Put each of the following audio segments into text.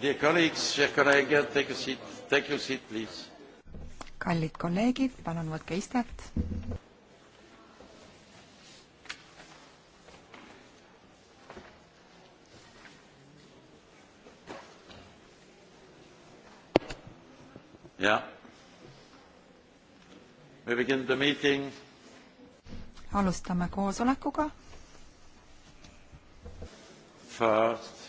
Dear colleagues, chers collègues, take a seat, take your seat, please. kallid kolleegid, palun võtke istet. Yeah. We begin the meeting. alustame koosolekuga. First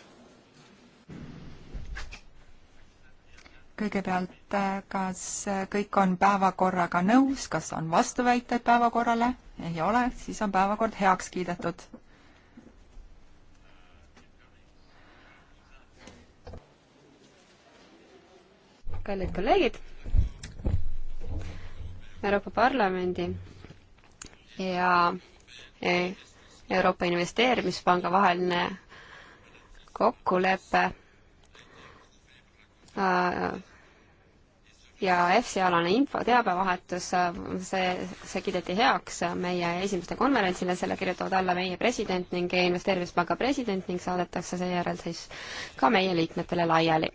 kõigepealt, äh, kas äh, kõik on päevakorraga nõus, kas on vastuväiteid päevakorrale? ei ole, siis on päevakord heaks kiidetud. kallid kolleegid, Euroopa Parlamendi ja e, Euroopa Investeerimispanga vaheline kokkulepe äh, ja EFSI-alane info, teabevahetus, see, see kiideti heaks meie esimeste konverentsile, selle kirjutavad alla meie president ning investeerimispanga president ning saadetakse seejärel siis ka meie liikmetele laiali.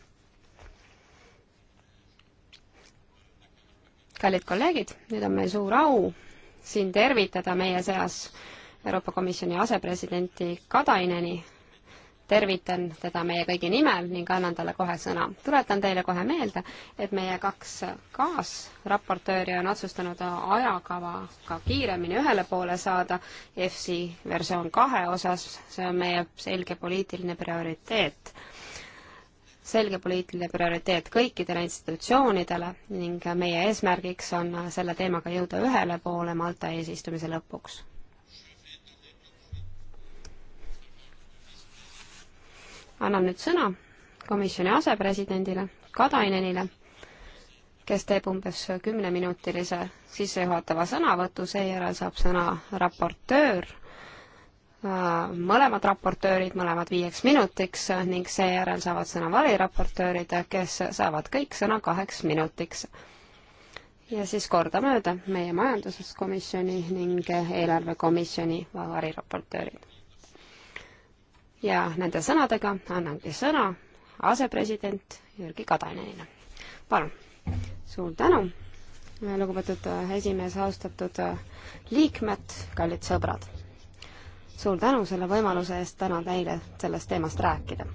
kallid kolleegid, nüüd on meil suur au siin tervitada meie seas Euroopa Komisjoni asepresidenti Kataineni tervitan teda meie kõigi nimel ning annan talle kohe sõna. tuletan teile kohe meelde, et meie kaks kaasraportööri on otsustanud ajakavaga ka kiiremini ühele poole saada EFSI versioon kahe osas, see on meie selge poliitiline prioriteet selge poliitiline prioriteet kõikidele institutsioonidele ning meie eesmärgiks on selle teemaga jõuda ühele poole Malta eesistumise lõpuks annan nüüd sõna komisjoni asepresidendile Kadainenile, kes teeb umbes kümneminutilise sissejuhatava sõnavõtu, seejärel saab sõna raportöör, äh, mõlemad raportöörid, mõlemad viieks minutiks ning seejärel saavad sõna variraportöörid, kes saavad kõik sõna kaheks minutiks. ja siis kordamööda meie majanduskomisjoni ning eelarvekomisjoni variraportöörid ja nende sõnadega annangi sõna asepresident Jürgi Kadanenile. palun. suur tänu, lugupeetud äh, esimees, austatud äh, liikmed, kallid sõbrad. suur tänu selle võimaluse eest täna teile sellest teemast rääkida.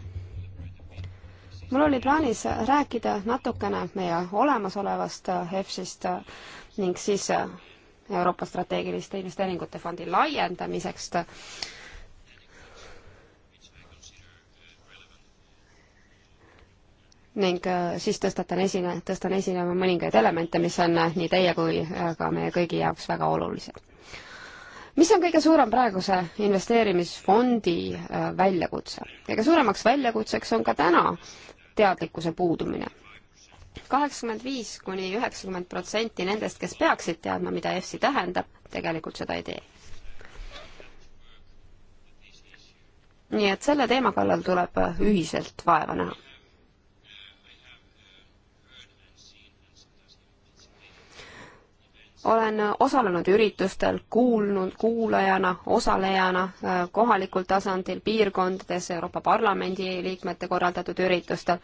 mul oli plaanis rääkida natukene meie olemasolevast äh, EFSist ning siis Euroopa strateegiliste investeeringute fondi laiendamiseks ning äh, siis tõstatan esile, tõstan esile mõningaid elemente, mis on äh, nii teie kui äh, ka meie kõigi jaoks väga olulised. mis on kõige suurem praeguse investeerimisfondi väljakutse? kõige suuremaks väljakutseks on ka täna teadlikkuse puudumine. kaheksakümmend viis kuni üheksakümmend protsenti nendest, kes peaksid teadma, mida EFSI tähendab, tegelikult seda ei tee. nii et selle teema kallal tuleb ühiselt vaeva näha olen osalenud üritustel, kuulnud kuulajana, osalejana äh, kohalikul tasandil, piirkondades, Euroopa Parlamendi liikmete korraldatud üritustel.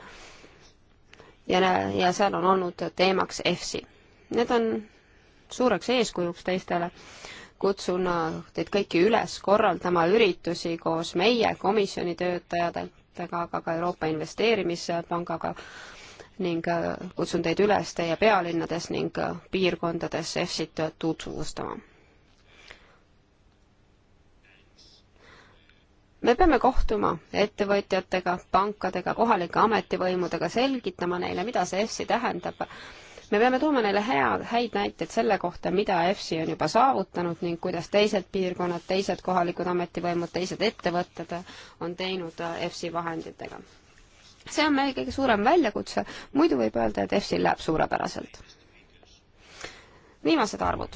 ja, ja seal on olnud teemaks EFSI. Need on suureks eeskujuks teistele. kutsun äh, teid kõiki üles korraldama üritusi koos meie komisjoni töötajatega, aga ka Euroopa Investeerimispangaga ning äh, kutsun teid üles teie pealinnades ning äh, piirkondades EFSit tutvustama. me peame kohtuma ettevõtjatega, pankadega, kohalike ametivõimudega, selgitama neile, mida see EFSi tähendab. me peame tooma neile head, häid näiteid selle kohta, mida EFSi on juba saavutanud ning kuidas teised piirkonnad, teised kohalikud ametivõimud, teised ettevõtted on teinud äh, EFSi vahenditega see on meie kõige suurem väljakutse, muidu võib öelda, et EFSil läheb suurepäraselt. viimased arvud.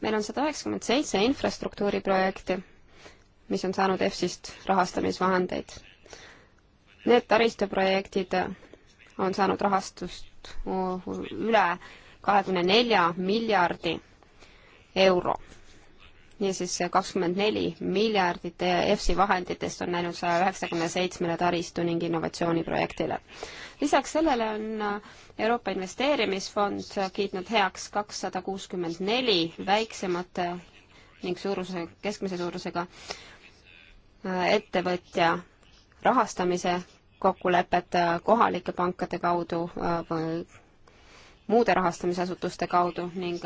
meil on sada üheksakümmend seitse infrastruktuuriprojekti, mis on saanud EFSist rahastamisvahendeid. Need taristuprojektid on saanud rahastust üle kahekümne nelja miljardi euro. niisiis kakskümmend neli miljardit EFSI vahenditest on läinud saja üheksakümne seitsmele taristu ning innovatsiooniprojektile. lisaks sellele on Euroopa Investeerimisfond kiitnud heaks kakssada kuuskümmend neli väiksemate ning suuruse, keskmise suurusega äh, ettevõtja rahastamise kokkulepet äh, kohalike pankade kaudu äh, või muude rahastamisasutuste kaudu ning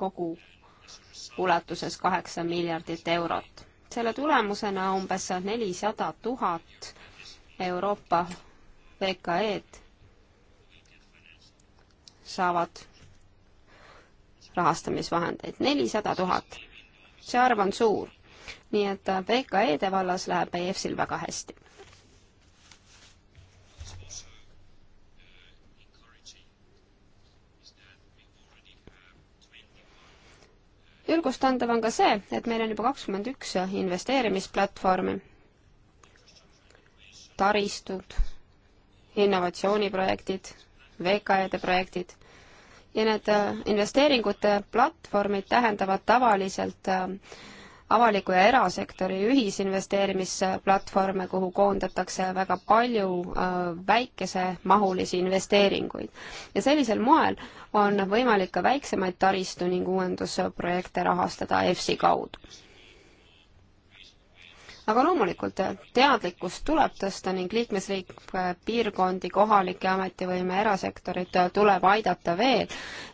kogu ulatuses kaheksa miljardit eurot. selle tulemusena umbes nelisada tuhat Euroopa VKE-d saavad rahastamisvahendeid, nelisada tuhat. see arv on suur, nii et VKE-de vallas läheb EFSil väga hästi julgustandav on ka see, et meil on juba kakskümmend üks investeerimisplatvormi, taristud, innovatsiooniprojektid, VKE-de projektid ja need äh, investeeringute platvormid tähendavad tavaliselt äh, avaliku ja erasektori ühisinvesteerimisplatvorme, kuhu koondatakse väga palju äh, väikesemahulisi investeeringuid. ja sellisel moel on võimalik ka väiksemaid taristu ning uuendusprojekte rahastada EFSI kaudu aga loomulikult eh, teadlikkust tuleb tõsta ning liikmesriik, eh, piirkondi, kohalikke ametivõime, erasektorit eh, tuleb aidata veel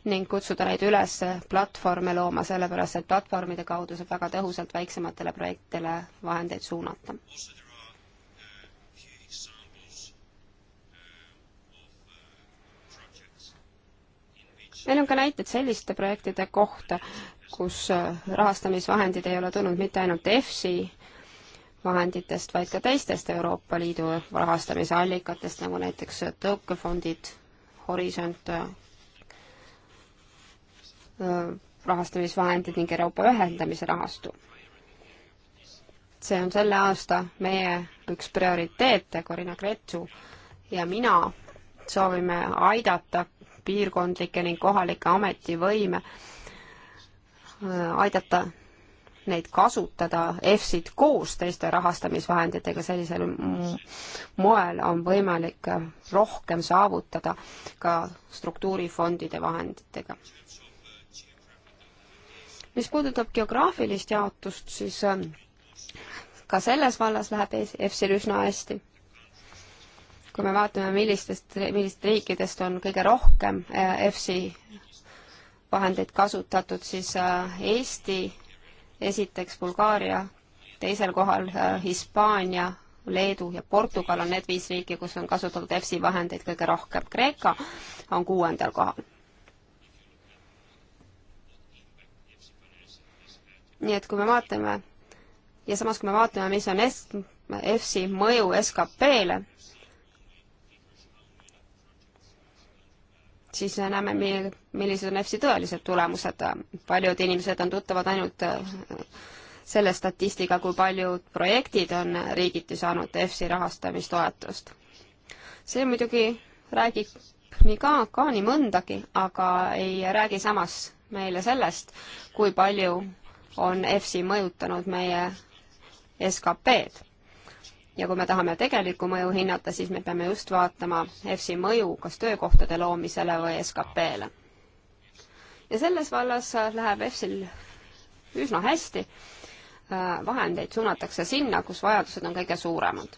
ning kutsuda neid üles platvorme looma, sellepärast et platvormide kaudu saab väga tõhusalt väiksematele projektidele vahendeid suunata. meil on ka näited selliste projektide kohta, kus rahastamisvahendid ei ole tulnud mitte ainult EFSI vahenditest, vaid ka teistest Euroopa Liidu rahastamise allikatest, nagu näiteks tõukefondid, Horisont, rahastamisvahendid ning Euroopa ühendamise rahastu. see on selle aasta meie üks prioriteete, Corina Kretsu ja mina soovime aidata piirkondlikke ning kohalikke ametivõime, aidata neid kasutada EFSit koos teiste rahastamisvahenditega, sellisel moel on võimalik rohkem saavutada ka struktuurifondide vahenditega. mis puudutab geograafilist jaotust, siis ähm, ka selles vallas läheb EFSil üsna hästi kui me vaatame, millistest, millistest riikidest on kõige rohkem EFSI äh, vahendeid kasutatud, siis äh, Eesti esiteks Bulgaaria, teisel kohal äh, Hispaania, Leedu ja Portugal on need viis riiki, kus on kasutatud EFSI vahendeid kõige rohkem. Kreeka on kuuendal kohal. nii et kui me vaatame ja samas, kui me vaatame, mis on EFSI mõju SKP-le, siis näeme, millised on EFSi tõelised tulemused. paljud inimesed on tuttavad ainult äh, selle statistika, kui paljud projektid on riigiti saanud EFSi rahastamistoetust. see muidugi räägib nii ka, ka nii mõndagi, aga ei räägi samas meile sellest, kui palju on EFSi mõjutanud meie SKP-d ja kui me tahame tegelikku mõju hinnata, siis me peame just vaatama EFSI mõju kas töökohtade loomisele või SKP-le. ja selles vallas äh, läheb EFSil üsna hästi, äh, vahendeid suunatakse sinna, kus vajadused on kõige suuremad.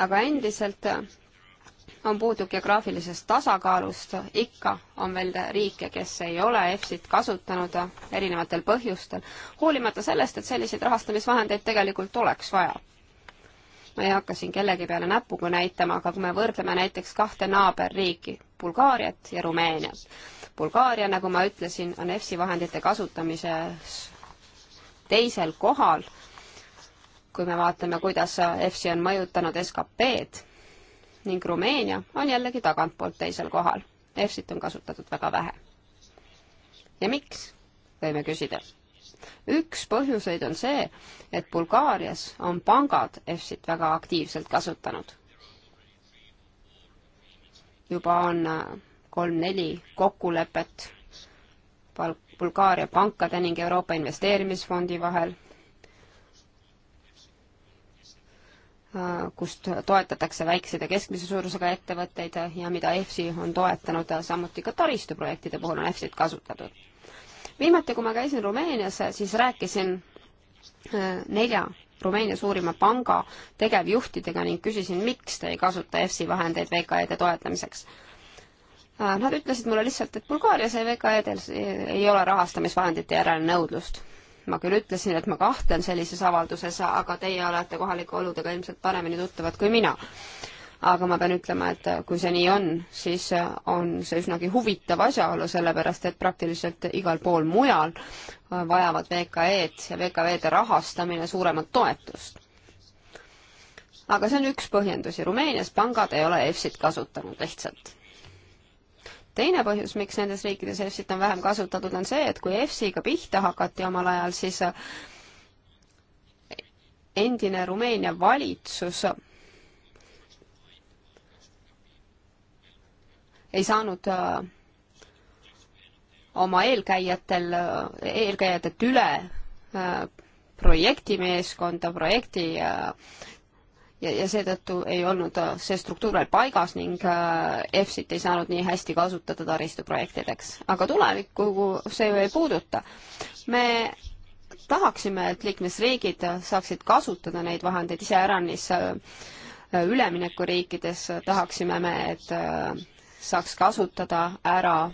aga endiselt äh, on puudu geograafilisest tasakaalust, ikka on veel riike, kes ei ole EFSit kasutanud erinevatel põhjustel, hoolimata sellest, et selliseid rahastamisvahendeid tegelikult oleks vaja. ma ei hakka siin kellegi peale näpuga näitama, aga kui me võrdleme näiteks kahte naaberriiki, Bulgaariat ja Rumeeniat. Bulgaaria, nagu ma ütlesin, on EFSi vahendite kasutamises teisel kohal, kui me vaatame, kuidas EFSi on mõjutanud SKP-d ning Rumeenia on jällegi tagantpoolt teisel kohal. EFSit on kasutatud väga vähe. ja miks, võime küsida. üks põhjuseid on see, et Bulgaarias on pangad EFSit väga aktiivselt kasutanud. juba on äh, kolm-neli kokkulepet Bulgaaria pankade ning Euroopa Investeerimisfondi vahel Äh, kust toetatakse väikseid ja keskmise suurusega ettevõtteid ja mida EFSI on toetanud, äh, samuti ka taristuprojektide puhul on EFSI-t kasutatud. viimati, kui ma käisin Rumeenias, äh, siis rääkisin nelja Rumeenia suurima panga tegevjuhtidega ning küsisin, miks te ei kasuta EFSI vahendeid VKE-de toetamiseks. Nad ütlesid mulle lihtsalt, et Bulgaarias ei VKE-del ei ole rahastamisvahendite järele nõudlust ma küll ütlesin, et ma kahtlen sellises avalduses, aga teie olete kohalike oludega ilmselt paremini tuttavad kui mina. aga ma pean ütlema, et kui see nii on, siis on see üsnagi huvitav asjaolu, sellepärast et praktiliselt igal pool mujal vajavad VKE-d ja VKV-de rahastamine suuremat toetust. aga see on üks põhjendusi, Rumeenias pangad ei ole EFSit kasutanud lihtsalt teine põhjus, miks nendes riikides EFSit on vähem kasutatud, on see, et kui EFSiga pihta hakati omal ajal, siis äh, endine Rumeenia valitsus äh, ei saanud äh, oma eelkäijatel, eelkäijatelt üle projektimeeskonda, projekti ja, ja seetõttu ei olnud äh, see struktuur veel paigas ning äh, EFSit ei saanud nii hästi kasutada taristuprojektideks. aga tulevikku see ju ei puuduta. me tahaksime, et liikmesriigid saaksid kasutada neid vahendeid iseäranis äh, üleminekuriikides tahaksime me, et saaks kasutada ära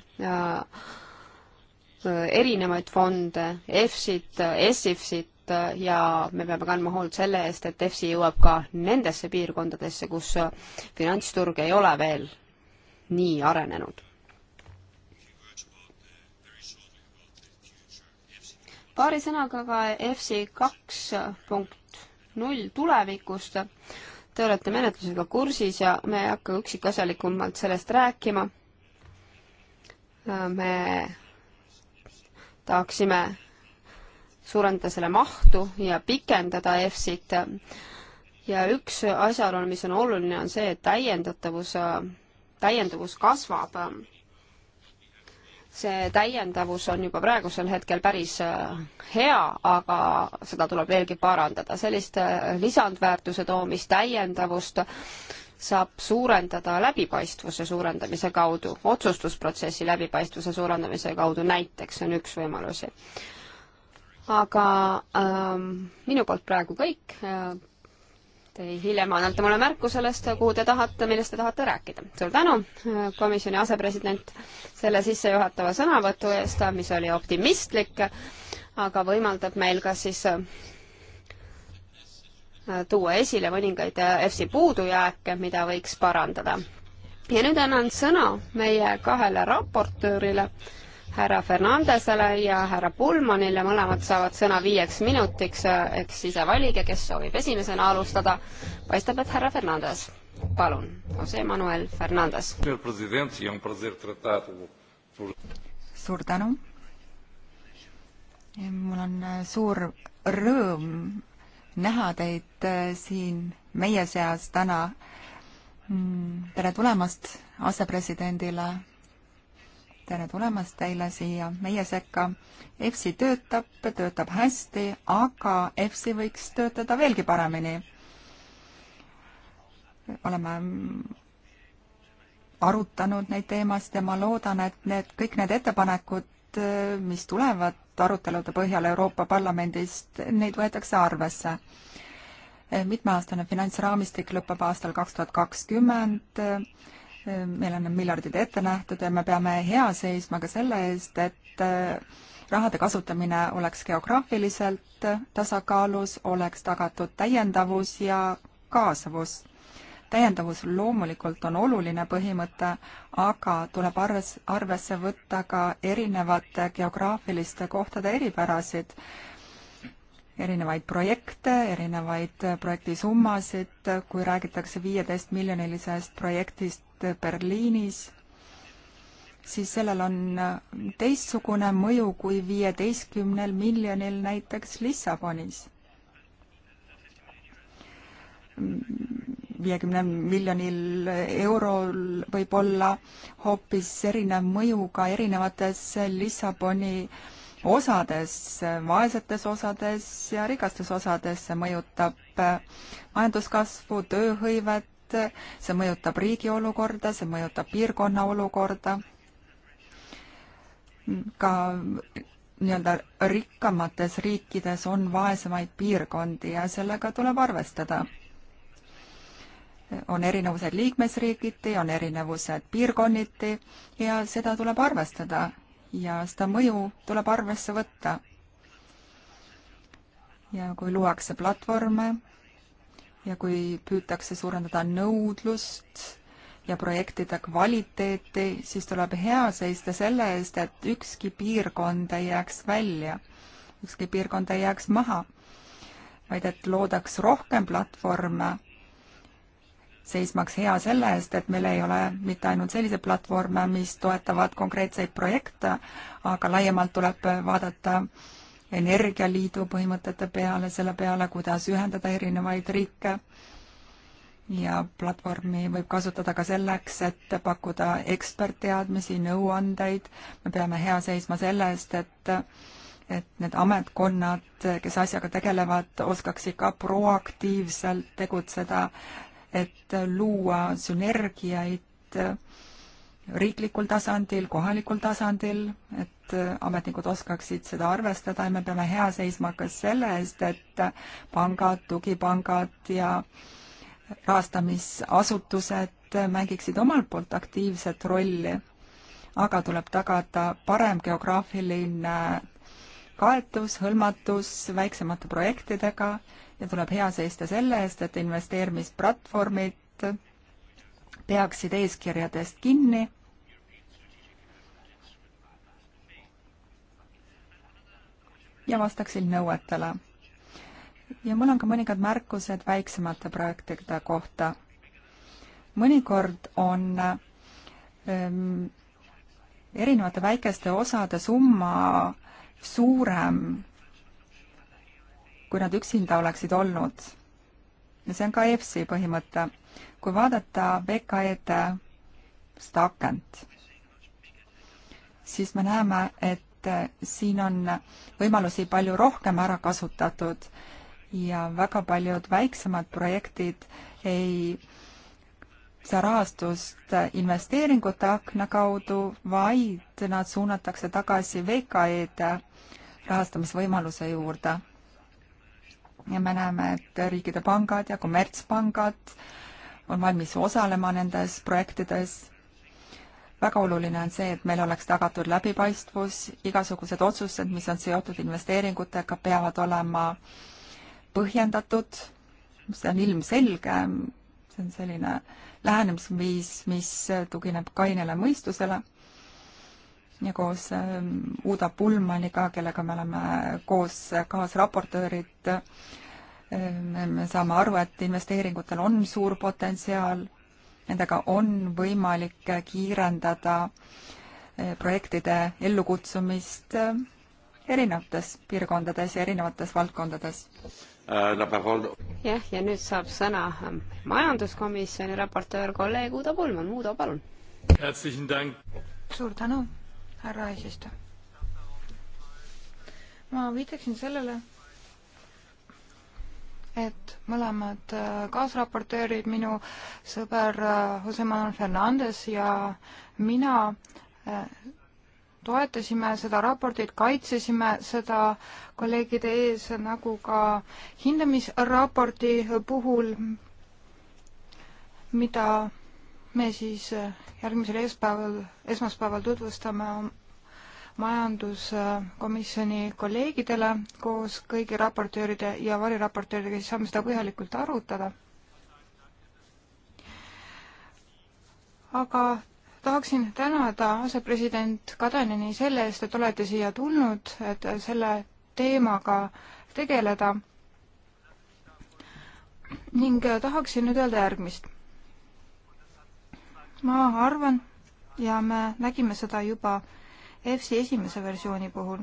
erinevaid fonde, EFSit, ESIFSit, tõhusalt ja me peame kandma hoolt selle eest, et EFSI jõuab ka nendesse piirkondadesse, kus finantsturg ei ole veel nii arenenud. paari sõnaga ka EFSI kaks punkt null tulevikust. Te olete menetlusega kursis ja me ei hakka üksikasjalikumalt sellest rääkima. me tahaksime suurendada selle mahtu ja pikendada EFSit. ja üks asjaolu, mis on oluline, on see, et täiendatavus, täienduvus kasvab. see täiendavus on juba praegusel hetkel päris äh, hea, aga seda tuleb veelgi parandada, sellist äh, lisandväärtuse toomist, täiendavust saab suurendada läbipaistvuse suurendamise kaudu, otsustusprotsessi läbipaistvuse suurendamise kaudu näiteks on üks võimalusi aga ähm, minu poolt praegu kõik. Äh, te hiljem annate mulle märku sellest, kuhu te tahate, millest te tahate rääkida. suur tänu, äh, komisjoni asepresident, selle sissejuhatava sõnavõtu eest, mis oli optimistlik, aga võimaldab meil ka siis äh, tuua esile mõningaid EFSi puudujääke, mida võiks parandada. ja nüüd annan sõna meie kahele raportöörile härra Fernandesele ja härra Pullmanile, mõlemad saavad sõna viieks minutiks, eks eh, ise valige, kes soovib esimesena alustada. paistab, et härra Fernandes, palun, Jose Manuel Fernandes. Um suur tänu. mul on eh, suur rõõm näha teid eh, siin meie seas täna. Mm, tere tulemast asepresidendile tere tulemast teile siia meie sekka. EFSI töötab, töötab hästi, aga EFSI võiks töötada veelgi paremini. oleme arutanud neid teemasid ja ma loodan, et need, kõik need ettepanekud, mis tulevad arutelude põhjal Euroopa Parlamendist, neid võetakse arvesse. mitmeaastane finantsraamistik lõpeb aastal kaks tuhat kakskümmend meil on need miljardid ette nähtud ja me peame hea seisma ka selle eest, et äh, rahade kasutamine oleks geograafiliselt tasakaalus, oleks tagatud täiendavus ja kaasavus. täiendavus loomulikult on oluline põhimõte, aga tuleb arves, arvesse võtta ka erinevate geograafiliste kohtade eripärasid, erinevaid projekte, erinevaid projektisummasid, kui räägitakse viieteist miljonilisest projektist summit Berliinis, siis sellel on teistsugune mõju kui viieteistkümnel miljonil näiteks Lissabonis. viiekümnel miljonil eurol võib olla hoopis erinev mõju ka erinevates Lissaboni osades, vaesetes osades ja rikastes osades, see mõjutab majanduskasvu, tööhõivet, see mõjutab riigi olukorda, see mõjutab piirkonna olukorda, ka nii-öelda rikkamates riikides on vaesemaid piirkondi ja sellega tuleb arvestada. on erinevused liikmesriigiti, on erinevused piirkonniti ja seda tuleb arvestada ja seda mõju tuleb arvesse võtta. ja kui luuakse platvorme, ja kui püütakse suurendada nõudlust ja projektide kvaliteeti, siis tuleb hea seista selle eest, et ükski piirkond ei jääks välja, ükski piirkond ei jääks maha, vaid et loodaks rohkem platvorme, seismaks hea selle eest, et meil ei ole mitte ainult selliseid platvorme, mis toetavad konkreetseid projekte, aga laiemalt tuleb vaadata äh, energialiidu põhimõtete peale, selle peale, kuidas ühendada erinevaid riike ja platvormi võib kasutada ka selleks, et pakkuda ekspertteadmisi, nõuandeid, me peame hea seisma selle eest, et et need ametkonnad, kes asjaga tegelevad, oskaksid ka proaktiivselt tegutseda, et luua sünergiaid riiklikul tasandil, kohalikul tasandil, et äh, ametnikud oskaksid seda arvestada ja me peame hea seisma ka selle eest, et pangad, tugipangad ja rahastamisasutused mängiksid omalt poolt aktiivset rolli, aga tuleb tagada parem geograafiline kaetus, hõlmatus väiksemate projektidega ja tuleb hea seista selle eest, et investeerimisplatvormid peaksid eeskirjadest kinni ja vastaksid nõuetele. ja mul on ka mõningad märkused väiksemate projektide kohta. mõnikord on ähm, erinevate väikeste osade summa suurem, kui nad üksinda oleksid olnud. ja see on ka EFSI põhimõte. kui vaadata VKE-d seda akent, siis me näeme, et et äh, siin on võimalusi palju rohkem ära kasutatud ja väga paljud väiksemad projektid ei saa rahastust investeeringute akna kaudu, vaid nad suunatakse tagasi VKE-de rahastamisvõimaluse juurde. ja me näeme, et riikide pangad ja kommertspangad on valmis osalema nendes projektides väga oluline on see, et meil oleks tagatud läbipaistvus, igasugused otsused, mis on seotud investeeringutega, peavad olema põhjendatud, see on ilmselge, see on selline lähenemisviis, mis tugineb kainele mõistusele ja koos ähm, Uuda Pulmaniga, kellega me oleme koos kaasraportöörid, ähm, me saame aru, et investeeringutel on suur potentsiaal nendega on võimalik kiirendada eh, projektide ellukutsumist eh, erinevates piirkondades ja erinevates valdkondades. Eh, jah, ja nüüd saab sõna ähm, majanduskomisjoni raportöör kolleeg Uudo Pulman. Uudo, palun. suur tänu, härra eesistuja. ma viitaksin sellele, et mõlemad äh, kaasraportöörid, minu sõber äh, Jose Manuel Fernandez ja mina äh, toetasime seda raportit, kaitsesime seda kolleegide ees, nagu ka hindamisraporti puhul, mida me siis järgmisel esmaspäeval, esmaspäeval tutvustame majanduskomisjoni kolleegidele koos kõigi raportööride ja variraportööridega, siis saame seda põhjalikult arutada. aga tahaksin tänada asepresident Kadanini selle eest, et olete siia tulnud, et selle teemaga tegeleda. ning tahaksin nüüd öelda järgmist. ma arvan ja me nägime seda juba EFSi esimese versiooni puhul,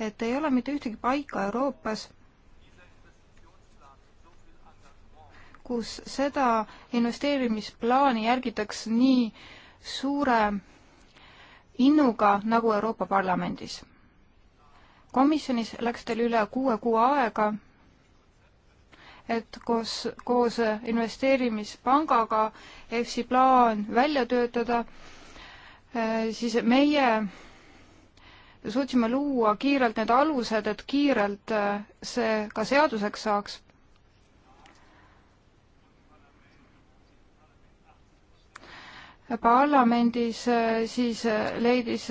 et ei ole mitte ühtegi paika Euroopas, kus seda investeerimisplaani järgitakse nii suure innuga nagu Euroopa Parlamendis. komisjonis läks teil üle kuue kuu aega, et koos, koos investeerimispangaga EFSI plaan välja töötada, siis meie suutsime luua kiirelt need alused, et kiirelt äh, see ka seaduseks saaks. parlamendis äh, siis äh, leidis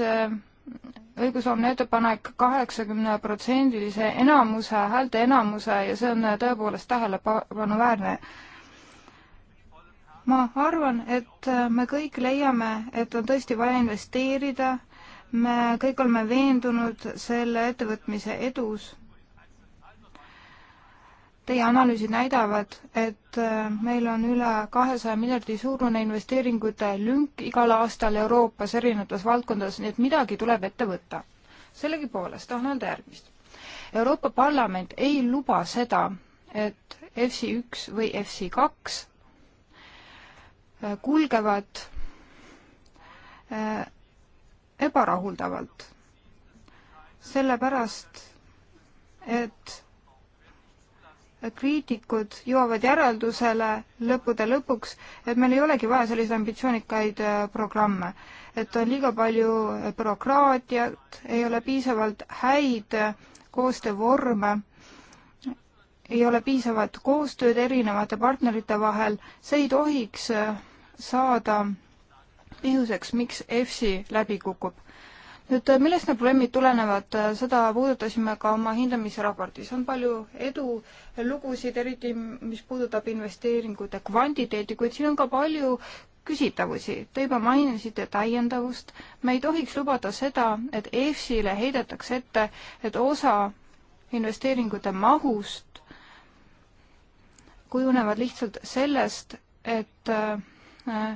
õigusloomne ettepanek kaheksakümneprotsendilise enamuse, häälte enamuse ja see on tõepoolest tähelepanuväärne ma arvan, et me kõik leiame, et on tõesti vaja investeerida me kõik oleme veendunud selle ettevõtmise edus. Teie analüüsid näidavad, et äh, meil on üle kahesaja miljardi suurune investeeringute lünk igal aastal Euroopas erinevates valdkondades, nii et midagi tuleb ette võtta. sellegipoolest tahan öelda järgmist. Euroopa Parlament ei luba seda, et EFSI üks või EFSI kaks äh, kulgevad äh, ebarahuldavalt. sellepärast, et kriitikud jõuavad järeldusele lõppude lõpuks, et meil ei olegi vaja selliseid ambitsioonikaid äh, programme, et on liiga palju äh, bürokraatiat, ei ole piisavalt häid äh, koostöövorme, ei ole piisavat koostööd erinevate partnerite vahel, see ei tohiks saada põhjuseks, miks EFSI läbi kukub. nüüd millest need probleemid tulenevad, seda puudutasime ka oma hindamisraportis, on palju edulugusid, eriti mis puudutab investeeringute kvantiteeti, kuid siin on ka palju küsitavusi. Te juba mainisite täiendavust. me ei tohiks lubada seda, et EFSile heidetakse ette, et osa investeeringute mahust kujunevad lihtsalt sellest, et äh,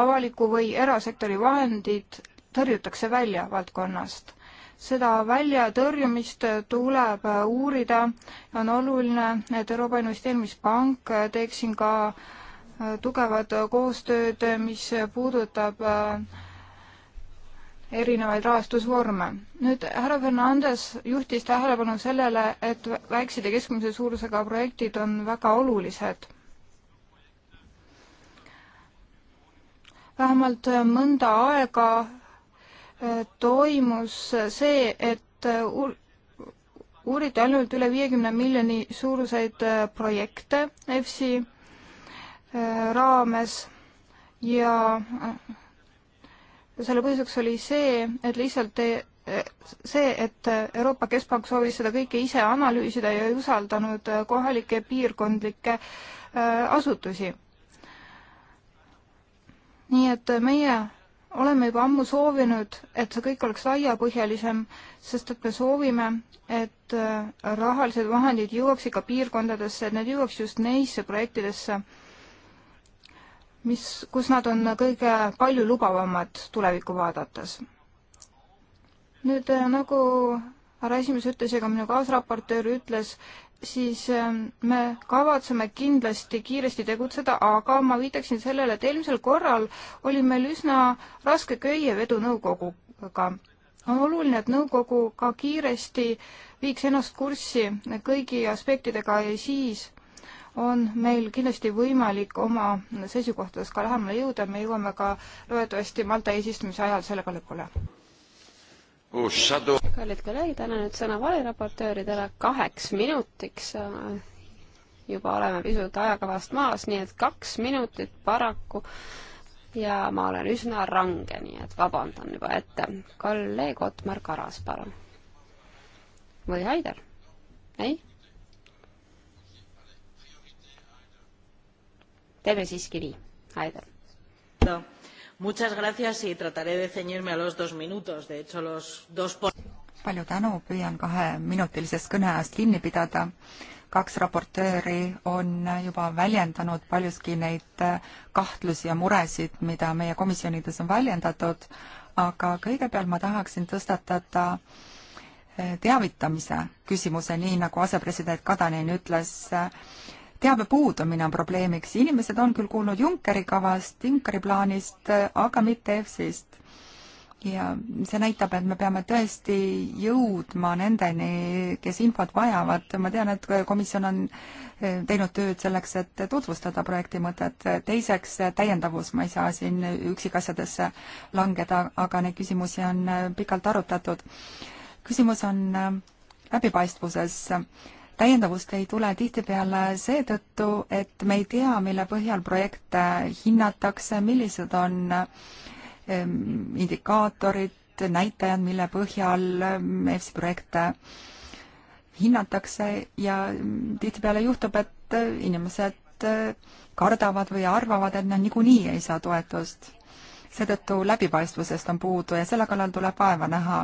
avaliku või erasektori vahendid tõrjutakse välja valdkonnast. seda väljatõrjumist tuleb uurida ja on oluline, et Euroopa Investeerimispank teeks siin ka äh, tugevat koostööd, mis puudutab äh, erinevaid rahastusvorme. nüüd härra Fernandes juhtis tähelepanu sellele, et väiksed ja keskmise suurusega projektid on väga olulised vähemalt äh, mõnda aega äh, toimus see, et äh, uuriti ainult üle viiekümne miljoni suuruseid projekte EFSI raames ja selle põhjuseks oli see, et lihtsalt ei, see, et Euroopa Keskpank soovis seda kõike ise analüüsida ja ei usaldanud kohalikke piirkondlikke asutusi nii et meie oleme juba ammu soovinud, et see kõik oleks laiapõhjalisem, sest et me soovime, et äh, rahalised vahendid jõuaks ikka piirkondadesse, et need jõuaks just neisse projektidesse, mis, kus nad on kõige palju lubavamad tulevikku vaadates. nüüd äh, nagu härra esimees ütles ja ka minu kaasraportöör ütles, siis ähm, me kavatseme kindlasti kiiresti tegutseda, aga ma viitaksin sellele, et eelmisel korral oli meil üsna raske köie vedu nõukoguga. on oluline, et nõukogu ka kiiresti viiks ennast kurssi kõigi aspektidega ja siis on meil kindlasti võimalik oma seisukohtades ka lähemale jõuda, me jõuame ka loodetavasti Malta eesistumise ajal sellega lõpule kallid kolleegid, annan nüüd sõna valiraportööridele kaheks minutiks. Äh, juba oleme pisut ajakavast maas, nii et kaks minutit paraku. ja ma olen üsna range, nii et vabandan juba ette. kolleeg Otmar Karas, palun. või Haider? ei? teeme siiski nii, Haider no.. Muchas gracias y trataré de ceñirme a los dos minutos. De hecho, los dos... palju tänu, püüan kaheminutilisest kõneajast kinni pidada. kaks raportööri on juba väljendanud paljuski neid äh, kahtlusi ja muresid, mida meie komisjonides on väljendatud, aga kõigepealt ma tahaksin tõstatada äh, teavitamise küsimuse, nii nagu asepresident Kadanen ütles, äh, teabe puudumine on probleemiks. inimesed on küll kuulnud Junckeri kavast, Junckeri plaanist, aga mitte EFSist. ja see näitab, et me peame tõesti jõudma nendeni, kes infot vajavad. ma tean, et komisjon on eh, teinud tööd selleks, et tutvustada projekti mõtet. teiseks, täiendavus, ma ei saa siin üksikasjadesse langeda, aga neid küsimusi on eh, pikalt arutatud. küsimus on eh, läbipaistvuses täiendavust ei tule tihtipeale seetõttu, et me ei tea, mille põhjal projekte hinnatakse, millised on ehm, indikaatorid, näitajad, mille põhjal ehm, EFSI projekte hinnatakse ja ehm, tihtipeale juhtub, et inimesed kardavad või arvavad, et nad niikuinii ei saa toetust. seetõttu läbipaistvusest on puudu ja selle kallal tuleb vaeva näha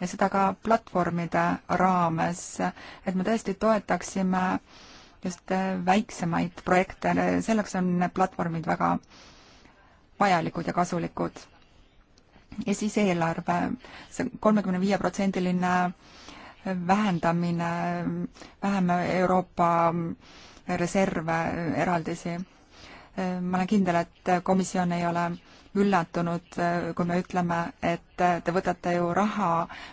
ja seda ka platvormide raames, et me tõesti toetaksime just väiksemaid projekte, selleks on need platvormid väga vajalikud ja kasulikud. ja siis eelarve see, see kolmekümne viie protsendiline vähendamine, vähem Euroopa reserve, eraldisi. ma olen kindel, et komisjon ei ole üllatunud, kui me ütleme, et te võtate ju raha,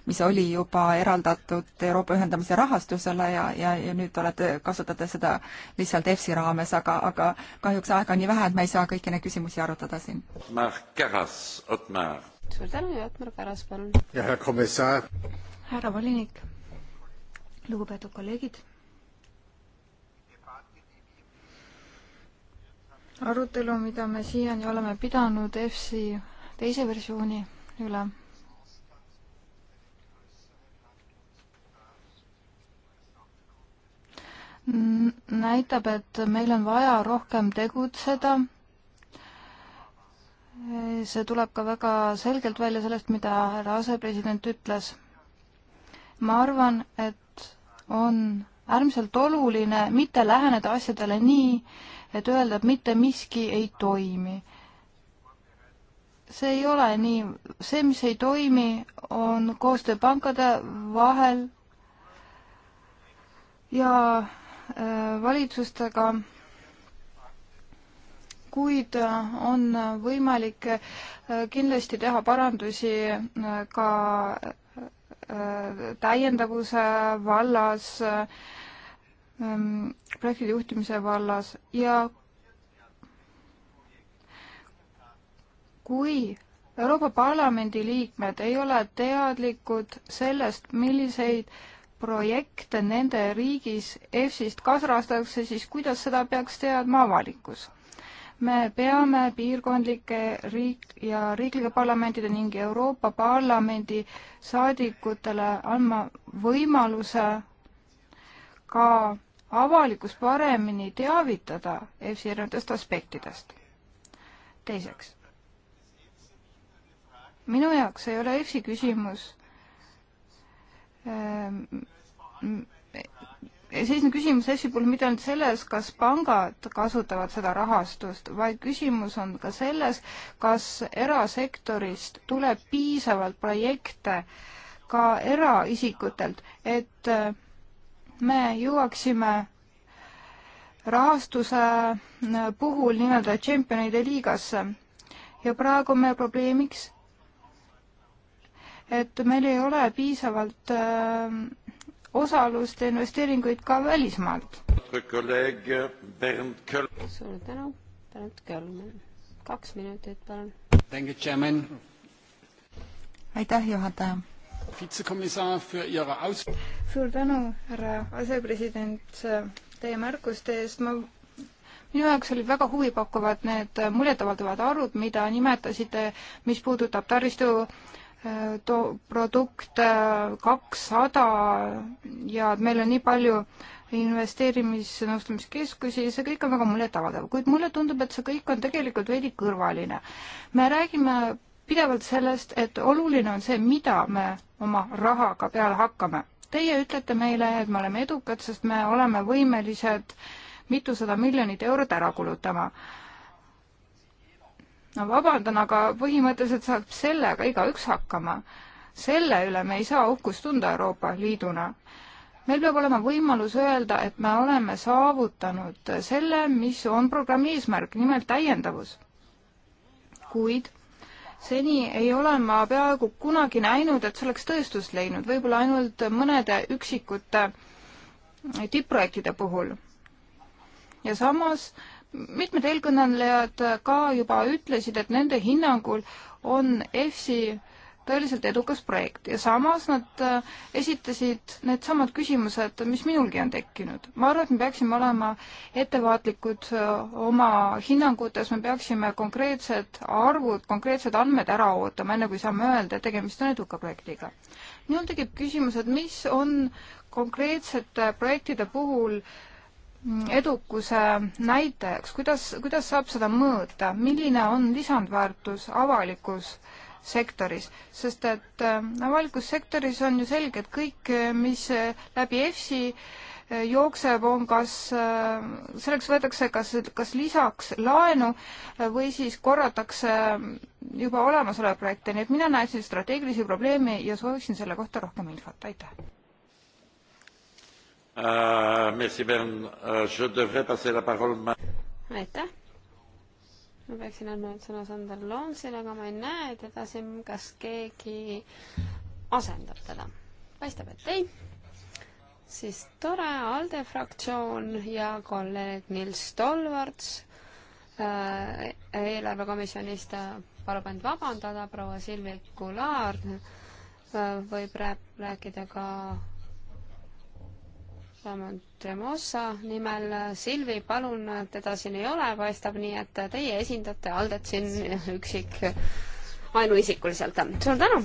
mis oli juba eraldatud Euroopa ühendamise rahastusele ja, ja, ja nüüd olete, kasutate seda lihtsalt EFSI raames, aga, aga kahjuks aega on nii vähe, et me ei saa kõiki neid küsimusi arutada siin. Otmar Karas, Otmar. suur tänu ja Otmar Karas, palun. härra komissar. härra volinik, lugupeetud kolleegid arutelu, mida me siiani oleme pidanud EFSi teise versiooni üle. näitab, et meil on vaja rohkem tegutseda. see tuleb ka väga selgelt välja sellest, mida härra asepresident ütles. ma arvan, et on äärmiselt oluline mitte läheneda asjadele nii, et öelda, et mitte miski ei toimi. see ei ole nii, see, mis ei toimi, on koostöö pankade vahel ja äh, valitsustega, kuid äh, on võimalik äh, kindlasti teha parandusi ka täiendavuse vallas äh, Ähm, projektide juhtimise vallas ja kui Euroopa Parlamendi liikmed ei ole teadlikud sellest, milliseid projekte nende riigis EFSist kaasrahastatakse, siis kuidas seda peaks teadma avalikkus? me peame piirkondlike riik- ja riiklike parlamentide ning Euroopa Parlamendi saadikutele andma võimaluse ka avalikkus paremini teavitada EFSI erinevatest aspektidest. teiseks, minu jaoks ei ole EFSI küsimus ähm, seisne küsimus EFSI puhul mitte ainult selles, kas pangad kasutavad seda rahastust, vaid küsimus on ka selles, kas erasektorist tuleb piisavalt projekte ka eraisikutelt, et äh, me jõuaksime rahastuse äh, puhul nii-öelda tšempionide liigasse ja praegu meie probleemiks, et meil ei ole piisavalt äh, osalust ja investeeringuid ka välismaalt. suur tänu, Bernd Kölmen. kaks minutit, palun. aitäh, juhataja suur tänu, härra asepresident, teie märkuste eest, ma minu jaoks olid väga huvipakkuvad need muljetavaldavad arvud, mida nimetasite, mis puudutab taristu äh, to-, produkte äh, kakssada ja meil on nii palju investeerimisnõustamiskeskusi, see kõik on väga muljetavaldav, kuid mulle tundub, et see kõik on tegelikult veidi kõrvaline. me räägime pidevalt sellest, et oluline on see, mida me oma rahaga peale hakkame. Teie ütlete meile, et me oleme edukad, sest me oleme võimelised mitusada miljonit eurot ära kulutama. no vabandan, aga põhimõtteliselt saab sellega igaüks hakkama. selle üle me ei saa uhkust tunda Euroopa Liiduna meil peab olema võimalus öelda, et me oleme saavutanud selle, mis on programmi eesmärk, nimelt täiendavus. kuid seni ei ole ma peaaegu kunagi näinud, et see oleks tõestust leidnud, võib-olla ainult mõnede üksikute tippprojektide puhul. ja samas mitmed eelkõnelejad ka juba ütlesid, et nende hinnangul on EFSI tõeliselt edukas projekt ja samas nad äh, esitasid needsamad küsimused, mis minulgi on tekkinud. ma arvan, et me peaksime olema ettevaatlikud äh, oma hinnangutes, me peaksime konkreetsed arvud, konkreetsed andmed ära ootama, enne kui saame öelda, et tegemist on eduka projektiga. minul tekib küsimus, et mis on konkreetsete projektide puhul mm, edukuse näitajaks, kuidas, kuidas saab seda mõõta, milline on lisandväärtus avalikus sektoris, sest et äh, avalikus sektoris on ju selge, et kõik, äh, mis äh, läbi EFSI jookseb, on kas, selleks võetakse kas, kas lisaks laenu või siis korratakse juba olemasolevaid projekte, nii et mina näen siin strateegilisi probleeme ja sooviksin selle kohta rohkem infot, aitäh. aitäh ma peaksin andma nüüd sõna Sander Loonsile, aga ma ei näe teda siin, kas keegi asendab teda? paistab, et ei. siis tore, ALDE fraktsioon ja kolleeg Nils Tolvarts äh, eelarvekomisjonist äh, palub end vabandada, proua Silvi Kulaar äh, võib rääkida ka Tremosa nimel. Silvi, palun, teda siin ei ole, paistab nii, et teie esindate Aldet siin üksik, ainuisikuliselt. suur tänu!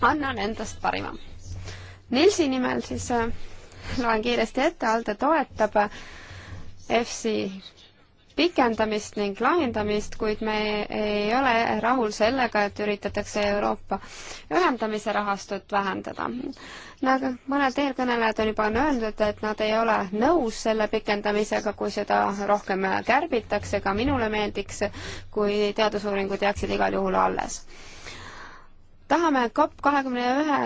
annan endast parima. Nilsi nimel siis loen kiiresti ette, Alde toetab EFSi pikendamist ning laiendamist, kuid me ei ole rahul sellega, et üritatakse Euroopa ühendamise rahastut vähendada. nagu mõned eelkõnelejad on juba öelnud, et nad ei ole nõus selle pikendamisega, kui seda rohkem kärbitakse, ka minule meeldiks, kui teadusuuringud jääksid igal juhul alles tahame COP kahekümne äh, ühe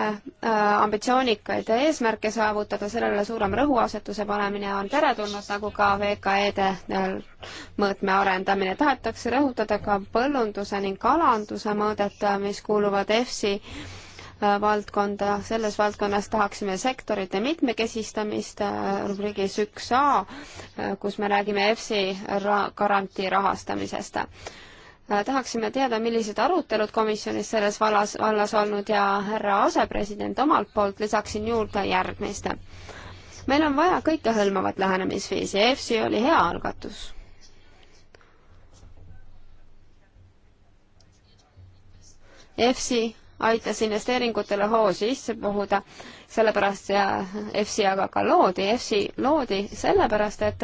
ambitsioonikaid eesmärke saavutada, sellele suurem rõhuasetuse panemine on teretulnud, nagu ka VKE-de äh, mõõtme arendamine. tahetakse rõhutada ka põllunduse ning kalanduse mõõdet, äh, mis kuuluvad EFSI valdkonda, selles valdkonnas tahaksime sektorite mitmekesistamist rubriigis üks A, kus me räägime EFSI ra garantii rahastamisest Äh, tahaksime teada, millised arutelud komisjonis selles vallas, vallas olnud ja härra asepresident omalt poolt lisaksin juurde järgmist. meil on vaja kõikehõlmavat lähenemisviisi, EFSI oli hea algatus. EFSI aitas investeeringutele hoo sisse puhuda sellepärast EFSI aga ka loodi, EFSI loodi sellepärast, et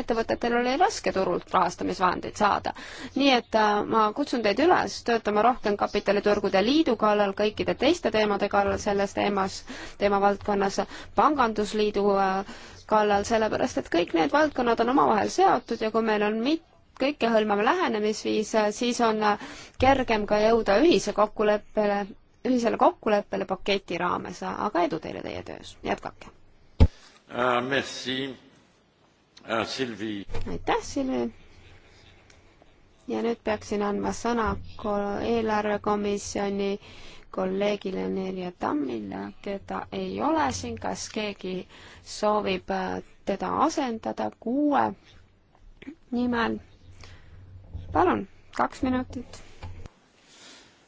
ettevõtetel oli raske turult rahastamisvahendeid saada. nii et äh, ma kutsun teid üles töötama rohkem kapitaliturgude liidu kallal, kõikide teiste teemade kallal selles teemas, teemavaldkonnas, pangandusliidu äh, kallal, sellepärast et kõik need valdkonnad on omavahel seotud ja kui meil on mit-, kõikehõlmav lähenemisviis, äh, siis on kergem ka jõuda ühise kokkuleppele ühisele kokkuleppele paketi raames, aga edu teile teie töös, jätkake uh,! Merci uh,, ah, Silvi! aitäh, Silvi! ja nüüd peaksin andma sõna eelarvekomisjoni kolleegile Nerja Tammile, keda ei ole siin, kas keegi soovib äh, teda asendada kuue nimel? palun, kaks minutit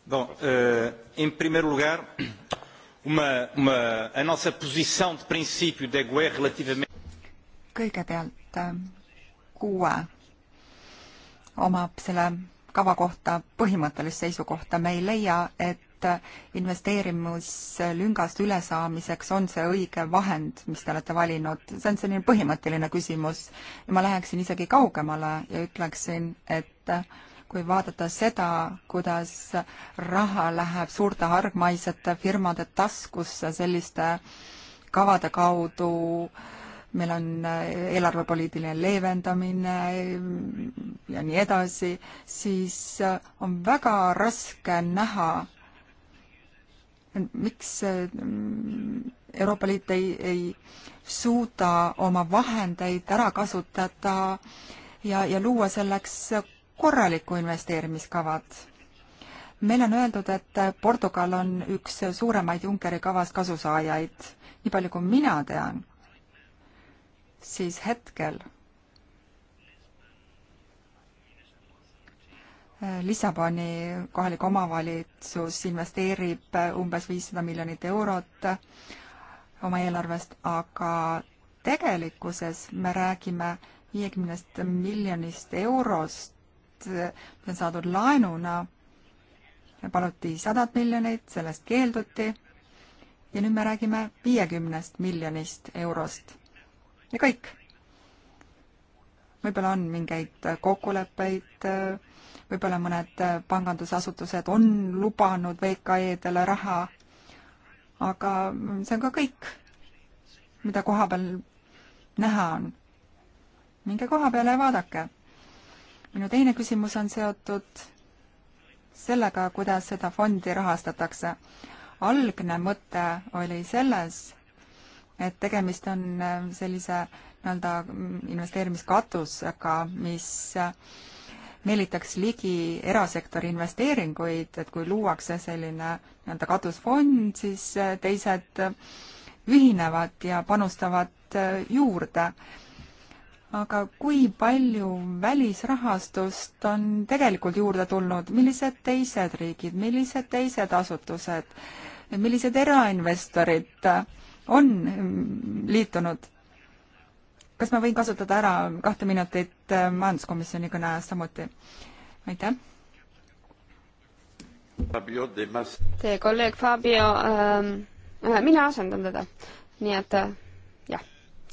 Bom, uh, em primeiro lugar, uma, uma, a nossa posição de princípio da GUE relativamente. kõigepealt eh, kuue omab selle kava kohta põhimõttelist seisukohta, me ei leia, et investeerimislüngast ülesaamiseks on see õige vahend, mis te olete valinud, see on selline põhimõtteline küsimus ja ma läheksin isegi kaugemale ja ütleksin, et äh, kui vaadata seda, kuidas raha läheb suurte hargmaisete firmade taskusse selliste kavade kaudu, meil on äh, eelarvepoliitiline leevendamine mm, ja nii edasi, siis äh, on väga raske näha, miks äh, Euroopa Liit ei, ei suuda oma vahendeid ära kasutada ja, ja luua selleks korralikku investeerimiskavat. meile on öeldud, et Portugal on üks suuremaid Junckeri kavast kasusaajaid. nii palju, kui mina tean, siis hetkel Lissaboni kohalik omavalitsus investeerib umbes viissada miljonit eurot oma eelarvest, aga tegelikkuses me räägime viiekümnest miljonist eurost, mis on saadud laenuna, paluti sadat miljonit, sellest keelduti ja nüüd me räägime viiekümnest miljonist eurost ja kõik. võib-olla on mingeid kokkuleppeid, võib-olla mõned pangandusasutused on lubanud VKE-dele raha, aga see on ka kõik, mida koha peal näha on. minge koha peale ja vaadake minu teine küsimus on seotud sellega, kuidas seda fondi rahastatakse. algne mõte oli selles, et tegemist on äh, sellise nii-öelda mm, investeerimiskatusega, mis äh, meelitaks ligi erasektori investeeringuid, et kui luuakse selline nii-öelda katusfond, siis äh, teised ühinevad ja panustavad juurde aga kui palju välisrahastust on tegelikult juurde tulnud, millised teised riigid, millised teised asutused, millised erainvestorid on mm, liitunud? kas ma võin kasutada ära kahte minutit äh, majanduskomisjoni kõne ajast samuti? aitäh. Teie kolleeg Fabio ähm,, äh, mina asendan teda, nii et äh,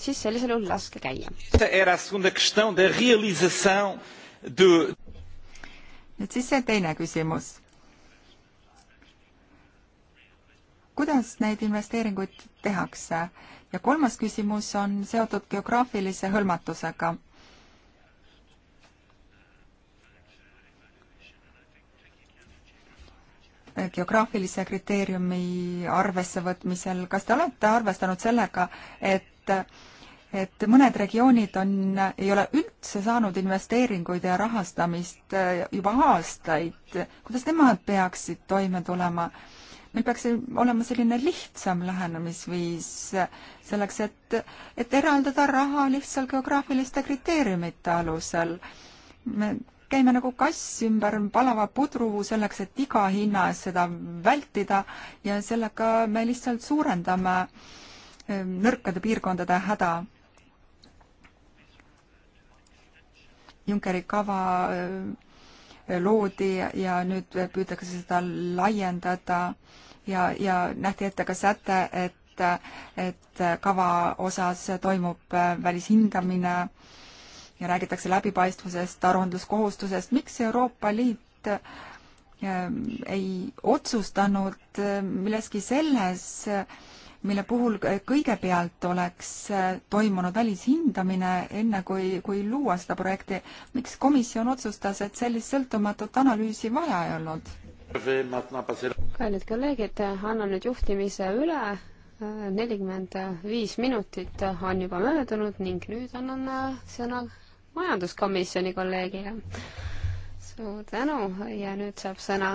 siis sellisel juhul laske käia. nüüd siis see teine küsimus. kuidas neid investeeringuid tehakse? ja kolmas küsimus on seotud geograafilise hõlmatusega. geograafilise kriteeriumi arvessevõtmisel, kas te olete arvestanud sellega, et et et mõned regioonid on, ei ole üldse saanud investeeringuid ja rahastamist äh, juba aastaid. kuidas nemad peaksid toime tulema? meil peaks olema selline lihtsam lähenemisviis selleks, et, et eraldada raha lihtsalt geograafiliste kriteeriumite alusel. me käime nagu kass ümber palava pudru selleks, et iga hinna eest seda vältida ja sellega me lihtsalt suurendame äh, Ehm, nõrkade piirkondade häda. Junckeri kava ehm, loodi ja nüüd püütakse seda laiendada ja, ja nähti ette ka säte, et, et kava osas toimub ehm, välishindamine ja räägitakse läbipaistvusest, aruandluskohustusest. miks Euroopa Liit ei otsustanud milleski selles äh, mille puhul kõigepealt oleks äh, toimunud välishindamine, enne kui, kui luua seda projekti. miks komisjon otsustas, et sellist sõltumatut analüüsi vaja ei olnud? kallid kolleegid, annan nüüd juhtimise üle. Äh, nelikümmend viis minutit on juba möödunud ning nüüd annan äh, sõna majanduskomisjoni kolleegile suur tänu ja nüüd saab sõna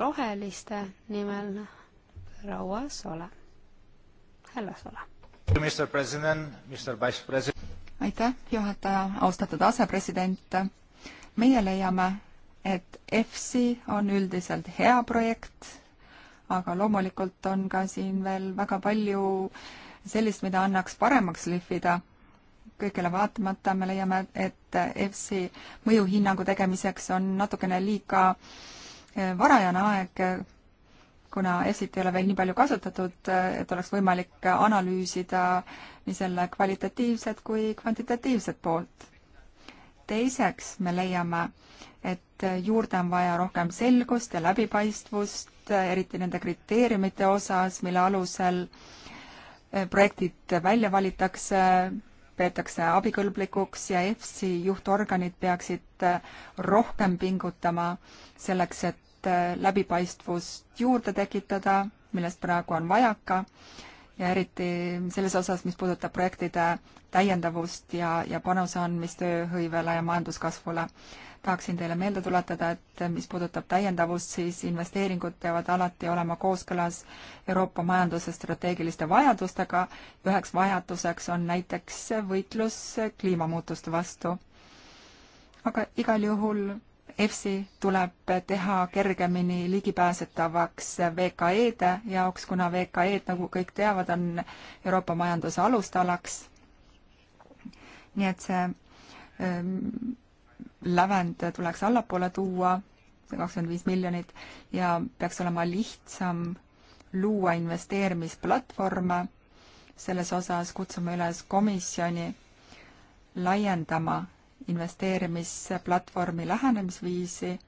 roheliste nimel proua Sole Hellasele. aitäh, juhataja, austatud asepresident. meie leiame, et EFSI on üldiselt hea projekt, aga loomulikult on ka siin veel väga palju sellist, mida annaks paremaks lihvida kõigele vaatamata me leiame, et EFSi mõjuhinnangu tegemiseks on natukene liiga eh, varajane aeg, kuna EFSit ei ole veel nii palju kasutatud, et oleks võimalik analüüsida nii selle kvalitatiivset kui kvantitatiivset poolt. teiseks me leiame, et juurde on vaja rohkem selgust ja läbipaistvust, eriti nende kriteeriumite osas, mille alusel projektid välja valitakse, peetakse abikõlblikuks ja EFSi juhtorganid peaksid rohkem pingutama selleks, et Äh, läbipaistvust juurde tekitada, millest praegu on vajaka, ja eriti selles osas, mis puudutab projektide täiendavust ja, ja panuse andmist tööhõivele ja majanduskasvule. tahaksin teile meelde tuletada, et mis puudutab täiendavust, siis investeeringud peavad alati olema kooskõlas Euroopa majanduse strateegiliste vajadustega, üheks vajaduseks on näiteks võitlus kliimamuutuste vastu. aga igal juhul EFSI tuleb teha kergemini ligipääsetavaks VKE-de jaoks, kuna VKE-d, nagu kõik teavad, on Euroopa majanduse alustalaks. nii et see ähm, lävend tuleks allapoole tuua, see kakskümmend viis miljonit, ja peaks olema lihtsam luua investeerimisplatvorme, selles osas kutsume üles komisjoni laiendama investeerimisplatvormi lähenemisviisi,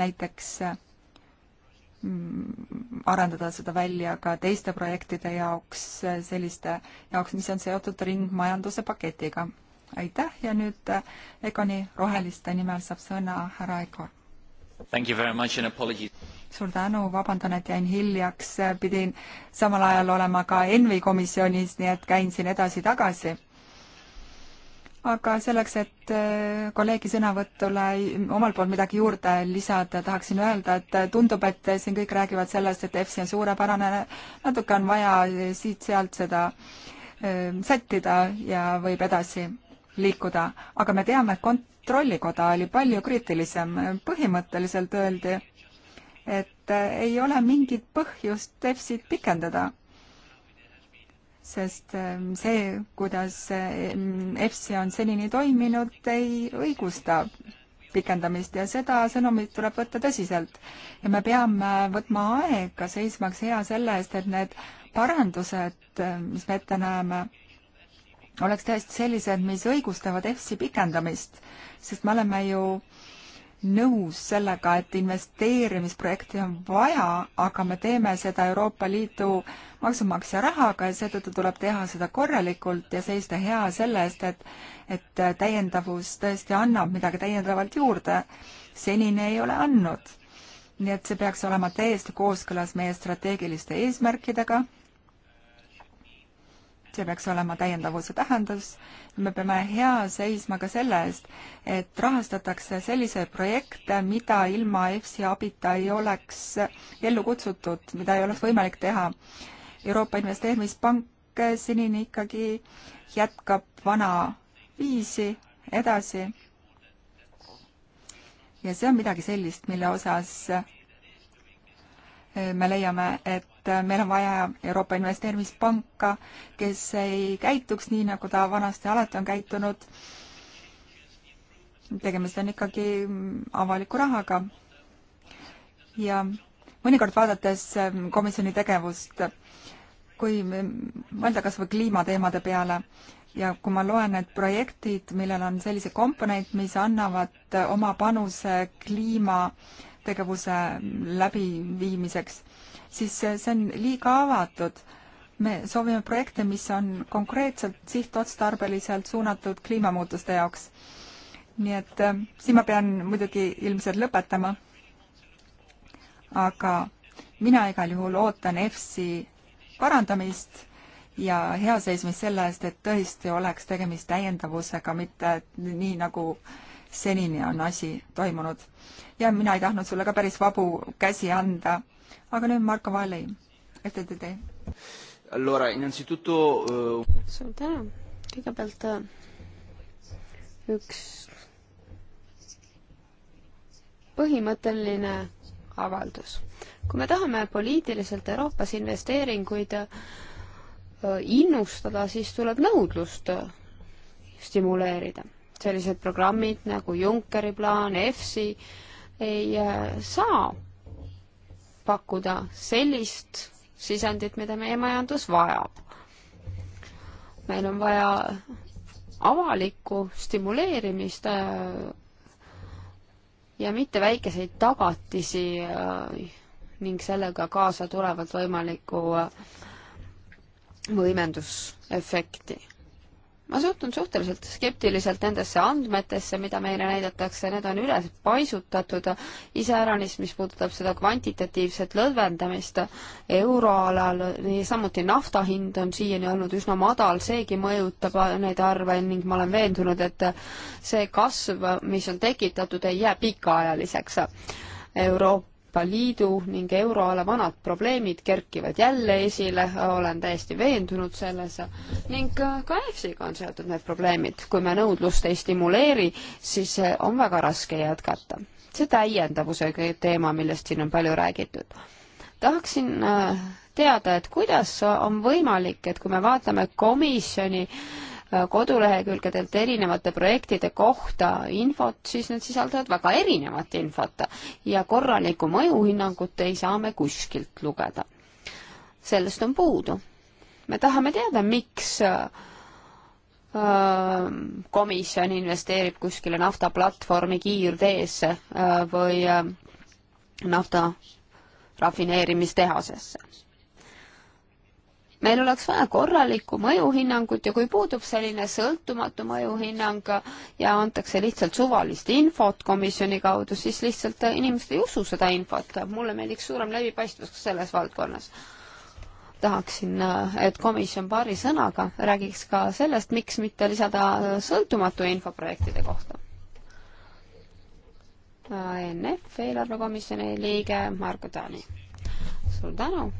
näiteks mm, arendada seda välja ka teiste projektide jaoks, selliste jaoks, mis on seotud ringmajanduse paketiga. aitäh ja nüüd eh, Egoni Roheliste nimel saab sõna härra Egor. suur tänu, vabandan, et jäin hiljaks, pidin samal ajal olema ka ENVI komisjonis, nii et käin siin edasi-tagasi aga selleks, et äh, kolleegi sõnavõtule omalt poolt midagi juurde lisada, tahaksin öelda, et äh, tundub, et äh, siin kõik räägivad sellest, et EFSI on suurepärane, natuke on vaja siit-sealt seda sättida ja võib edasi liikuda, aga me teame, et Kontrollikoda oli palju kriitilisem, põhimõtteliselt öeldi, et ei ole mingit põhjust EFSI-t pikendada sest ähm, see, kuidas ähm, EFSI on senini toiminud, ei õigusta pikendamist ja seda sõnumit tuleb võtta tõsiselt. ja me peame võtma aega seismaks hea selle eest, et need parandused, ähm, mis me ette näeme, oleks tõesti sellised, mis õigustavad EFSI pikendamist, sest me oleme ju äh, nõus sellega, et investeerimisprojekti on vaja, aga me teeme seda Euroopa Liidu maksumaksja rahaga ja seetõttu tuleb teha seda korralikult ja seista hea selle eest, et et täiendavus tõesti annab midagi täiendavalt juurde. senini ei ole andnud. nii et see peaks olema täiesti kooskõlas meie strateegiliste eesmärkidega see peaks olema täiendavuse tähendus. me peame hea seisma ka selle eest, et rahastatakse selliseid projekte, mida ilma EFSI abita ei oleks ellu kutsutud, mida ei oleks võimalik teha. Euroopa Investeerimispank senini ikkagi jätkab vana viisi edasi. ja see on midagi sellist, mille osas me leiame, et meil on vaja Euroopa Investeerimispanka, kes ei käituks nii, nagu ta vanasti alati on käitunud. tegemist on ikkagi avaliku rahaga. ja mõnikord vaadates komisjoni tegevust, kui mõelda kas või kliimateemade peale ja kui ma loen need projektid, millel on sellised komponent, mis annavad oma panuse kliima äh, tegevuse läbiviimiseks, siis see on liiga avatud. me soovime projekte, mis on konkreetselt sihtotstarbeliselt suunatud kliimamuutuste jaoks. nii et äh, siin ma pean muidugi ilmselt lõpetama. aga mina igal juhul ootan EFSi parandamist ja hea seismist selle eest, et tõesti oleks tegemist täiendavusega, mitte nii nagu äh, senini on asi toimunud. ja mina ei tahtnud sulle ka päris vabu käsi anda, aga nüüd Marko Valli, FTTD. Allora, innanzitutto uh... suur tänu, kõigepealt eh, üks põhimõtteline avaldus. kui me tahame poliitiliselt Euroopas investeeringuid eh, innustada, siis tuleb nõudlust stimuleerida sellised programmid nagu Junckeri plaan, EFSI, ei äh, saa pakkuda sellist sisendit, mida meie majandus vajab. meil on vaja avalikku stimuleerimist äh, ja mitte väikeseid tagatisi äh, ning sellega kaasa tulevat võimalikku võimendusefekti ma suhtun suhteliselt skeptiliselt nendesse andmetesse, mida meile näidatakse, need on üles paisutatud, iseäranis, mis puudutab seda kvantitatiivset lõdvendamist euroalal, samuti nafta hind on siiani olnud üsna madal, seegi mõjutab neid arve ning ma olen veendunud, et see kasv, mis on tekitatud, ei jää pikaajaliseks Euroopa Euroopa Liidu ning euroala vanad probleemid kerkivad jälle esile, olen täiesti veendunud selles, ning ka EFSiga on seotud need probleemid. kui me nõudlust ei stimuleeri, siis on väga raske jätkata. see täiendavuse teema, millest siin on palju räägitud. tahaksin äh, teada, et kuidas on võimalik, et kui me vaatame komisjoni äh, Äh, kodulehekülgedelt erinevate projektide kohta infot, siis need sisaldavad väga erinevat infot ja korralikku mõjuhinnangut ei saa me kuskilt lugeda. sellest on puudu. me tahame teada, miks äh, äh, komisjon investeerib kuskile naftaplatvormi kiirteesse või nafta rafineerimistehasesse meil oleks vaja korralikku mõjuhinnangut ja kui puudub selline sõltumatu mõjuhinnang ja antakse lihtsalt suvalist infot komisjoni kaudu, siis lihtsalt inimesed ei usu seda infot. mulle meeldiks suurem läbipaistvus selles valdkonnas. tahaksin, et komisjon paari sõnaga räägiks ka sellest, miks mitte lisada sõltumatu info projektide kohta. ENF eelarvekomisjoni liige Margo Taani. suur tänu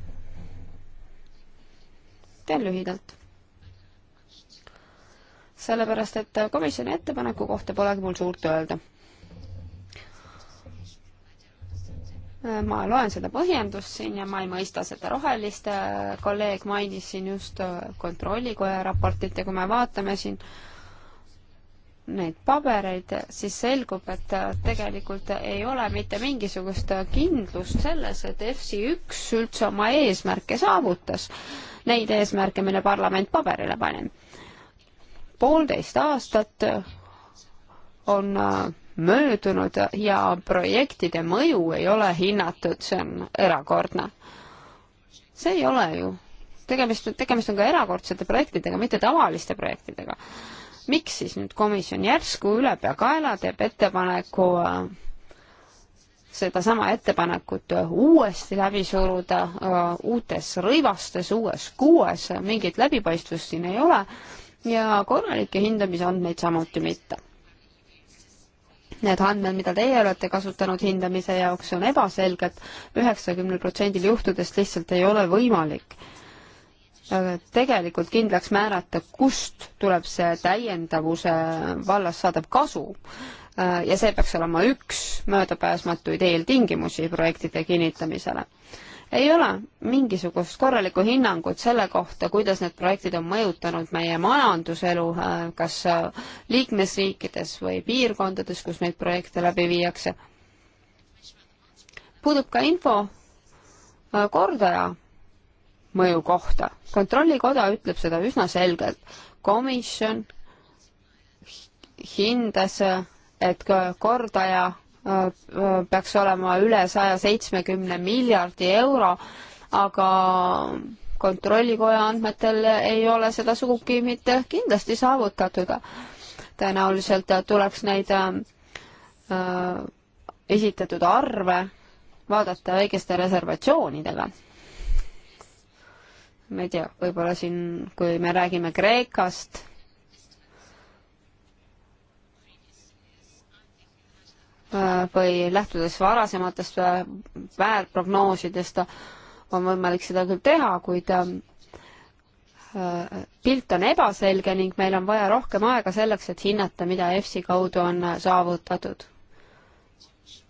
teen lühidalt. sellepärast, et komisjoni ettepaneku kohta polegi mul suurt öelda. ma loen seda põhjendust siin ja ma ei mõista seda rohelist, kolleeg mainis siin just kontrollikoja raportit ja kui me vaatame siin neid pabereid, siis selgub, et tegelikult ei ole mitte mingisugust kindlust selles, et FC üks üldse oma eesmärke saavutas neid eesmärke, mille parlament paberile pani. poolteist aastat on äh, möödunud ja projektide mõju ei ole hinnatud, see on erakordne. see ei ole ju, tegemist, tegemist on ka erakordsete projektidega, mitte tavaliste projektidega. miks siis nüüd komisjon järsku ülepeakaela teeb ettepaneku äh, sedasama ettepanekut uuesti läbi suruda uutes rõivastes, uues kuues, mingit läbipaistvust siin ei ole ja korralikke hindamisandmeid samuti mitte. Need andmed, mida teie olete kasutanud hindamise jaoks, on ebaselged, üheksakümnel protsendil juhtudest lihtsalt ei ole võimalik äh, tegelikult kindlaks määrata, kust tuleb see täiendavuse vallas saadav kasu Äh, ja see peaks olema üks möödapääsmatuid eeltingimusi projektide kinnitamisele. ei ole mingisugust korralikku hinnangut selle kohta, kuidas need projektid on mõjutanud meie majanduselu, äh, kas äh, liikmesriikides või piirkondades, kus neid projekte läbi viiakse. puudub ka info kordaja mõju kohta. kontrollikoda ütleb seda üsna selgelt. komisjon hindas et kordaja äh, äh, peaks olema üle saja seitsmekümne miljardi euro, aga kontrollikoja andmetel ei ole seda sugugi mitte kindlasti saavutatud. tõenäoliselt tuleks neid äh, esitatud arve vaadata väikeste reservatsioonidega. ma ei tea, võib-olla siin, kui me räägime Kreekast või lähtudes varasematest äh, väärprognoosidest on võimalik seda küll teha, kuid äh, pilt on ebaselge ning meil on vaja rohkem aega selleks, et hinnata, mida EFSI kaudu on saavutatud.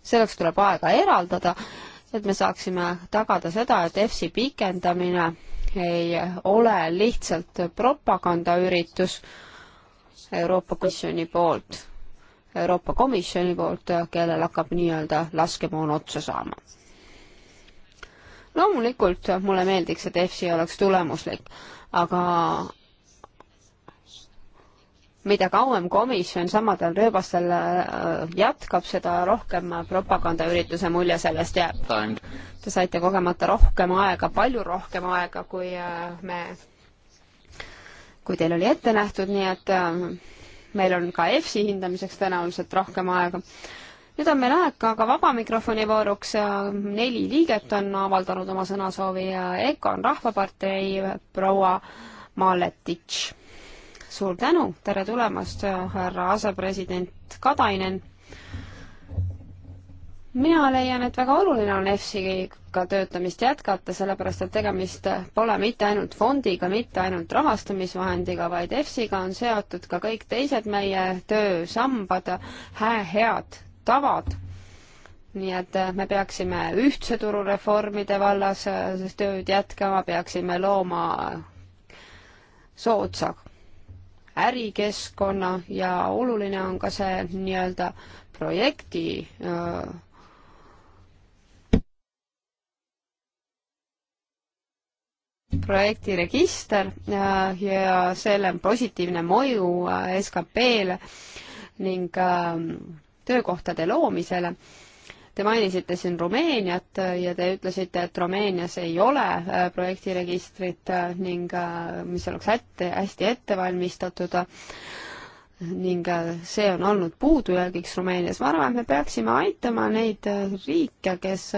selleks tuleb aega eraldada, et me saaksime tagada seda, et EFSI pikendamine ei ole lihtsalt propagandaüritus Euroopa Komisjoni poolt Euroopa Komisjoni poolt, kellel hakkab nii-öelda laskemoon otsa saama. loomulikult mulle meeldiks, et EFSI oleks tulemuslik, aga mida kauem komisjon samadel rööbastel äh, jätkab, seda rohkem propagandaürituse mulje sellest jääb. Te saite kogemata rohkem aega, palju rohkem aega, kui äh, me, kui teil oli ette nähtud, nii et äh, meil on ka EFSI hindamiseks tõenäoliselt rohkem aega. nüüd on meil aeg aga vaba mikrofoni vooruks, neli liiget on avaldanud oma sõnasoovi ja EKA on Rahvapartei proua Maletitš. suur tänu, tere tulemast, härra asepresident Katainen mina leian, et väga oluline on EFSI-ga töötamist jätkata, sellepärast et tegemist pole mitte ainult fondiga, mitte ainult rahastamisvahendiga, vaid EFSI-ga on seotud ka kõik teised meie töösambad, head tavad. nii et me peaksime ühtse turu reformide vallas äh, tööd jätkama, peaksime looma soodsa ärikeskkonna ja oluline on ka see nii-öelda projekti öö, äh, projektiregister äh, ja selle positiivne mõju äh, SKP-le ning ähm, töökohtade loomisele. Te mainisite siin Rumeeniat äh, ja te ütlesite, et Rumeenias ei ole projektiregistrit ning mis oleks hästi, hästi ette valmistatud ning see on olnud puudujäägiks Rumeenias. ma arvan, et me peaksime aitama neid riike, kes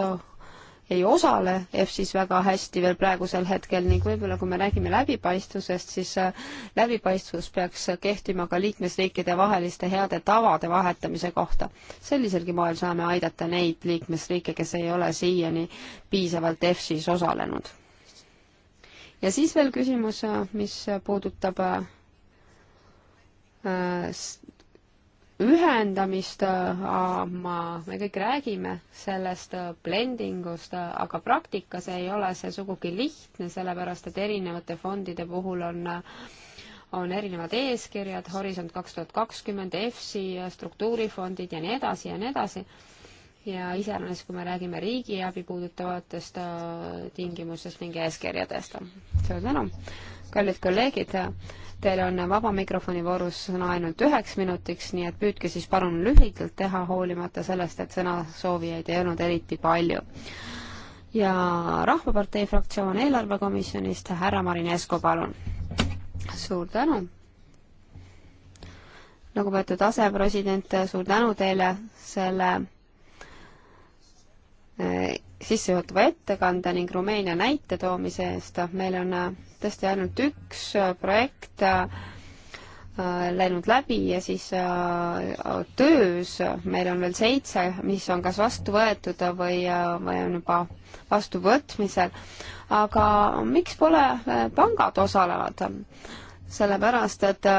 ei osale EFSis väga hästi veel praegusel hetkel ning võib-olla kui me räägime läbipaistvusest, siis äh, läbipaistvus peaks kehtima ka liikmesriikide vaheliste heade tavade vahetamise kohta. selliselgi moel saame aidata neid liikmesriike, kes ei ole siiani piisavalt EFSis osalenud. ja siis veel küsimus, äh, mis puudutab äh, ühendamist, äh, ma, me kõik räägime sellest äh, blending ust, äh, aga praktikas ei ole see sugugi lihtne, sellepärast et erinevate fondide puhul on on erinevad eeskirjad, Horisont kaks tuhat kakskümmend, EFSI, struktuurifondid ja nii edasi ja nii edasi ja iseäranis, kui me räägime riigiabi puudutavatest äh, tingimustest ning eeskirjadest. suur tänu! kallid kolleegid, teil on vaba mikrofoni voorus sõna ainult üheks minutiks, nii et püüdke siis palun lühidalt teha, hoolimata sellest, et sõnasoovijaid ei olnud eriti palju. ja Rahvapartei fraktsioon eelarvekomisjonist, härra Marin Esko, palun. suur tänu lugupeetud asepresident, suur tänu teile selle eh, sissejuhatava ettekande ning Rumeenia näite toomise eest. meil on äh, tõesti ainult üks äh, projekt äh, läinud läbi ja siis töös meil on veel seitse, mis on kas vastu võetud või, või on juba vastuvõtmisel. aga miks pole pangad osalevad? sellepärast, et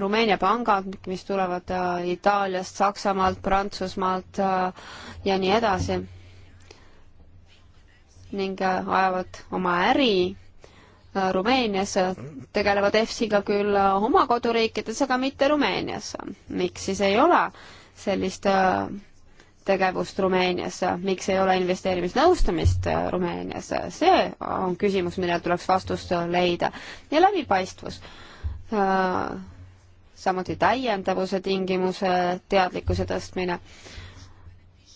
Rumeenia pangad, mis tulevad Itaaliast, Saksamaalt, Prantsusmaalt ja nii edasi ning äh, ajavad oma äri äh, Rumeenias, tegelevad EFSiga küll äh, oma koduriikides, aga mitte Rumeenias. miks siis ei ole sellist tegevust Rumeenias, miks ei ole investeerimisnõustamist Rumeenias, see on küsimus, millele tuleks vastust leida. ja läbipaistvus samuti täiendavuse tingimuse teadlikkuse tõstmine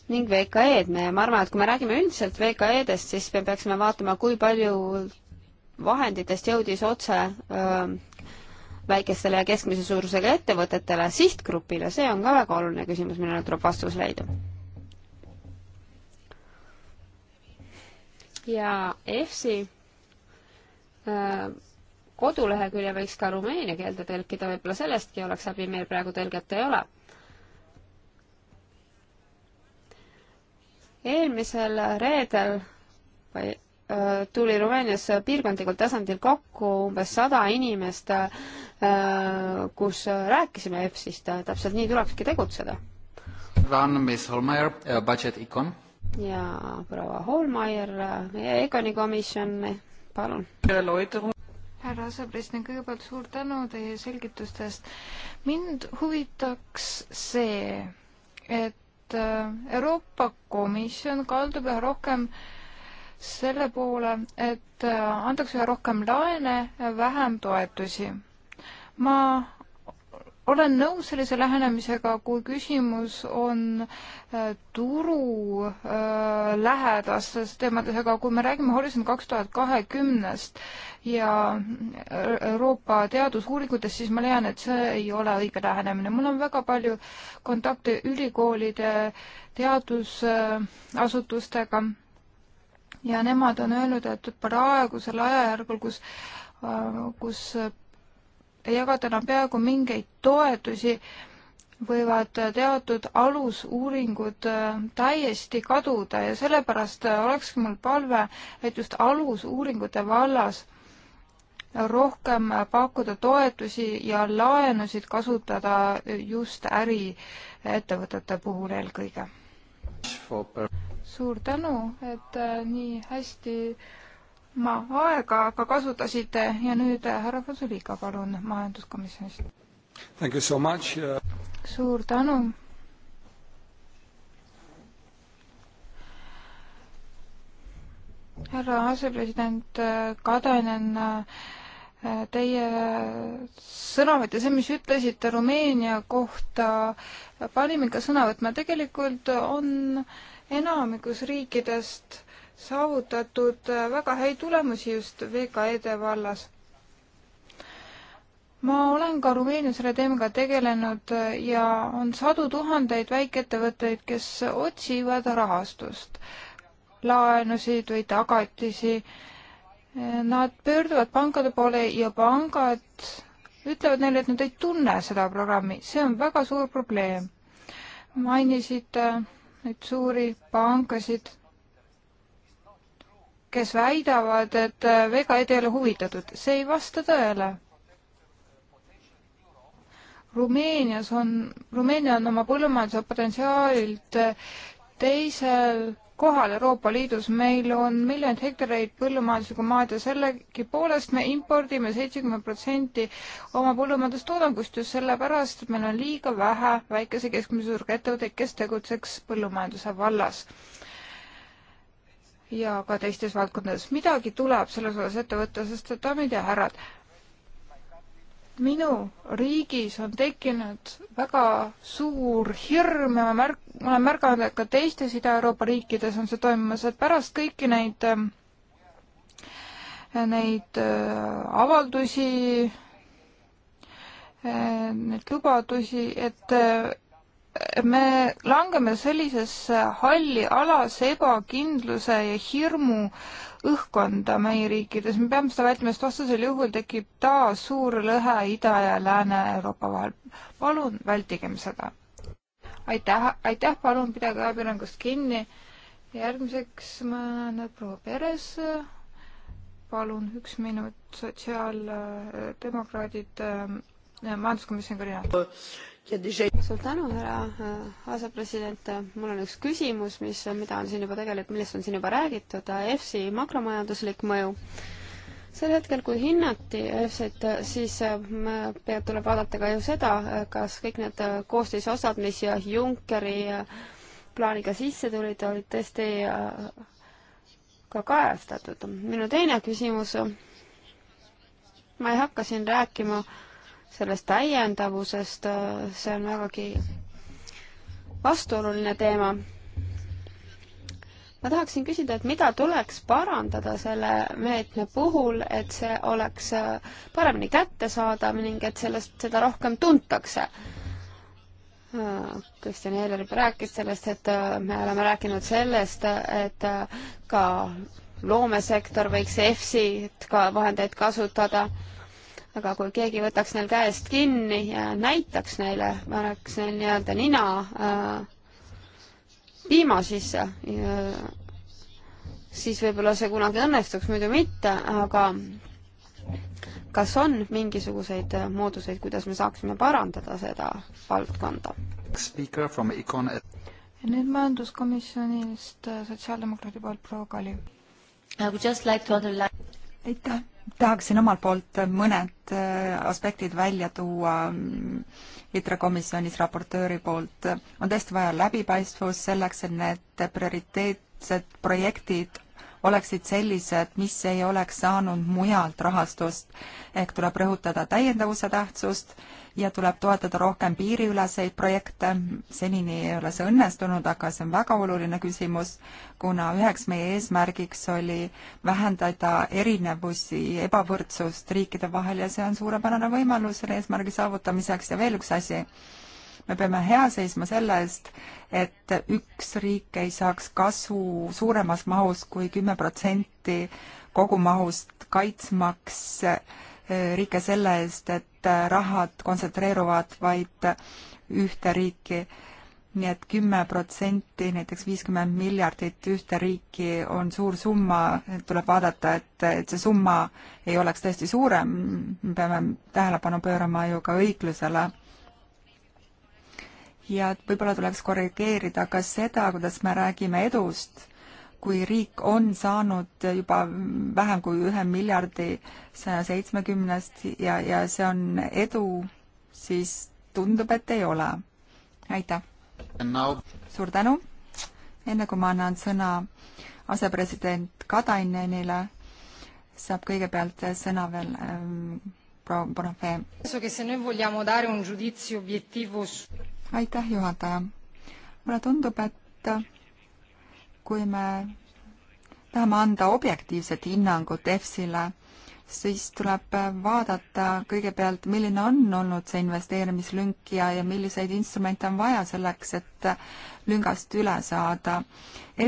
ning VKE-d. me, ma arvan, et kui me räägime üldiselt VKE-dest, siis me peaksime vaatama, kui palju vahenditest jõudis otse öö, väikestele ja keskmise suurusega ettevõtetele, sihtgrupile, see on ka väga oluline küsimus, millele tuleb vastus leida. ja EFSi kodulehekülje võiks ka rumeenia keelde tõlkida, võib-olla sellestki oleks abi, meil praegu tõlget ei ole eelmisel reedel või tuli Rumeenias piirkondlikul tasandil kokku umbes sada inimest, kus rääkisime EPS-ist, täpselt nii tulekski tegutseda. Äh, ja proua Holmeier, meie Econi komisjon, palun. härra asepresident, kõigepealt suur tänu teie selgitustest. mind huvitaks see, et et äh, Euroopa Komisjon kaldub üha rohkem selle poole, et äh, antakse üha rohkem laene ja vähem toetusi. ma olen nõus sellise lähenemisega, kui küsimus on äh, turu äh, lähedastes teemades, aga kui me räägime Horisont kaks tuhat kahekümnest ja äh, Euroopa teadusuuringutest, siis ma leian, et see ei ole õige lähenemine. mul on väga palju kontakte ülikoolide teadusasutustega ja nemad on öelnud, et praegusel ajajärgul, kus kus ei jagata enam peaaegu mingeid toetusi, võivad teatud alusuuringud äh, täiesti kaduda ja sellepärast äh, olekski mul palve, et just alusuuringute vallas rohkem äh, pakkuda toetusi ja laenusid kasutada just äriettevõtete puhul eelkõige. suur tänu, et nii hästi ma aega ka kasutasite ja nüüd äh, härra Fosuliga, palun, majanduskomisjonist. Thank you so much uh.... suur tänu. härra asepresident äh, Kadanen, äh, teie sõnavõtt ja see, mis ütlesite Rumeenia kohta, pani mind ka sõna võtma, tegelikult on enamikus riikidest äh, saavutatud äh, väga häid tulemusi just VKE-de vallas. ma olen ka Rumeenias selle teemaga tegelenud äh, ja on sadu tuhandeid väikeettevõtteid, kes otsivad rahastust, laenusid või tagatisi. Äh, nad pöörduvad pankade poole ja pangad ütlevad neile, et nad ei tunne seda programmi, see on väga suur probleem. mainisite neid suuri pankasid kes väidavad, et äh, VKE-d ei ole huvitatud. see ei vasta tõele. Rumeenias on, Rumeenia on oma põllumajanduse potentsiaalilt äh, teisel kohal Euroopa Liidus, meil on miljoneid hektareid põllumajanduslikku maad ja sellegipoolest me impordime seitsekümmend protsenti oma põllumajandustoodangust just sellepärast, et meil on liiga vähe väikese keskmise suurusega ettevõtteid, kes tegutseks põllumajanduse vallas ja ka teistes valdkondades. midagi tuleb selles osas ette võtta, sest et daamid ja härrad, minu riigis on tekkinud väga suur hirm ja ma märk-, ma olen märganud, et ka teistes Ida-Euroopa riikides on see toimumas, et pärast kõiki neid, neid äh, avaldusi, äh, neid lubadusi, et äh, me langeme sellisesse halli alasse ebakindluse ja hirmu õhkkonda meie riikides, me peame seda vältima, sest vastasel juhul tekib taas suur lõhe Ida- ja Lääne-Euroopa vahel. palun vältigem seda. aitäh, aitäh, palun pidage ajapiirangust kinni. järgmiseks ma näen, et proua Peres, palun üks minut, sotsiaaldemokraadid, äh, majanduskomisjoni koordinaator suur tänu, härra äh, asepresident, mul on üks küsimus, mis, mida on siin juba tegelikult, millest on siin juba räägitud, äh, EFSI makromajanduslik mõju sel hetkel, kui hinnati EFSA-t, äh, siis peab, tuleb vaadata ka ju seda, kas kõik need koosseisosad, mis Junckeri plaaniga sisse tulid, olid tõesti ka kajastatud. minu teine küsimus, ma ei hakka siin rääkima äh, sellest täiendavusest, see on vägagi vastuoluline teema. ma tahaksin küsida, et mida tuleks parandada selle meetme puhul, et see oleks paremini kättesaadav ning et sellest, seda rohkem tuntakse Kristjan Eeler juba rääkis sellest, et me oleme rääkinud sellest, et ka loomesektor võiks EFSI-t ka vahendeid kasutada aga kui keegi võtaks neil käest kinni ja näitaks neile, paneks neil nii-öelda nina äh, piima äh, sisse, siis võib-olla see kunagi õnnestuks, muidu mitte, aga kas on mingisuguseid äh, mooduseid, kuidas me saaksime parandada seda valdkonda? nüüd majanduskomisjonist äh, sotsiaaldemokraadi poolt proua Kali. aitäh tahaksin omalt poolt mõned äh, aspektid välja tuua mm, ITRA komisjonis raportööri poolt. on tõesti vaja läbipaistvust selleks, et need prioriteetsed projektid oleksid sellised, mis ei oleks saanud mujalt rahastust. ehk tuleb rõhutada täiendavuse tähtsust ja tuleb toetada rohkem piiriüleseid projekte, senini ei ole see õnnestunud, aga see on väga oluline küsimus, kuna üheks meie eesmärgiks oli vähendada erinevusi, ebavõrdsust riikide vahel ja see on suurepärane võimalus selle eesmärgi saavutamiseks ja veel üks asi me peame hea seisma selle eest, et üks riik ei saaks kasu suuremas mahus kui kümme protsenti kogumahust, kaitsmaks eh, riike selle eest, et eh, rahad kontsentreeruvad vaid ühte riiki. nii et kümme protsenti, näiteks viiskümmend miljardit ühte riiki on suur summa, tuleb vaadata, et, et see summa ei oleks tõesti suurem, me peame tähelepanu pöörama ju ka õiglusele ja et võib-olla tuleks korrigeerida ka seda, kuidas me räägime edust, kui riik on saanud juba vähem kui ühe miljardi saja seitsmekümnest ja, ja see on edu, siis tundub, et ei ole. aitäh! suur tänu! enne kui ma annan sõna asepresident Katainenile, saab kõigepealt sõna veel ähm, proua Bonafé aitäh, juhataja. mulle tundub, et kui me tahame anda objektiivset hinnangut EFSile, siis tuleb vaadata kõigepealt, milline on olnud see investeerimislünk ja, ja milliseid instrumente on vaja selleks, et lüngast üle saada.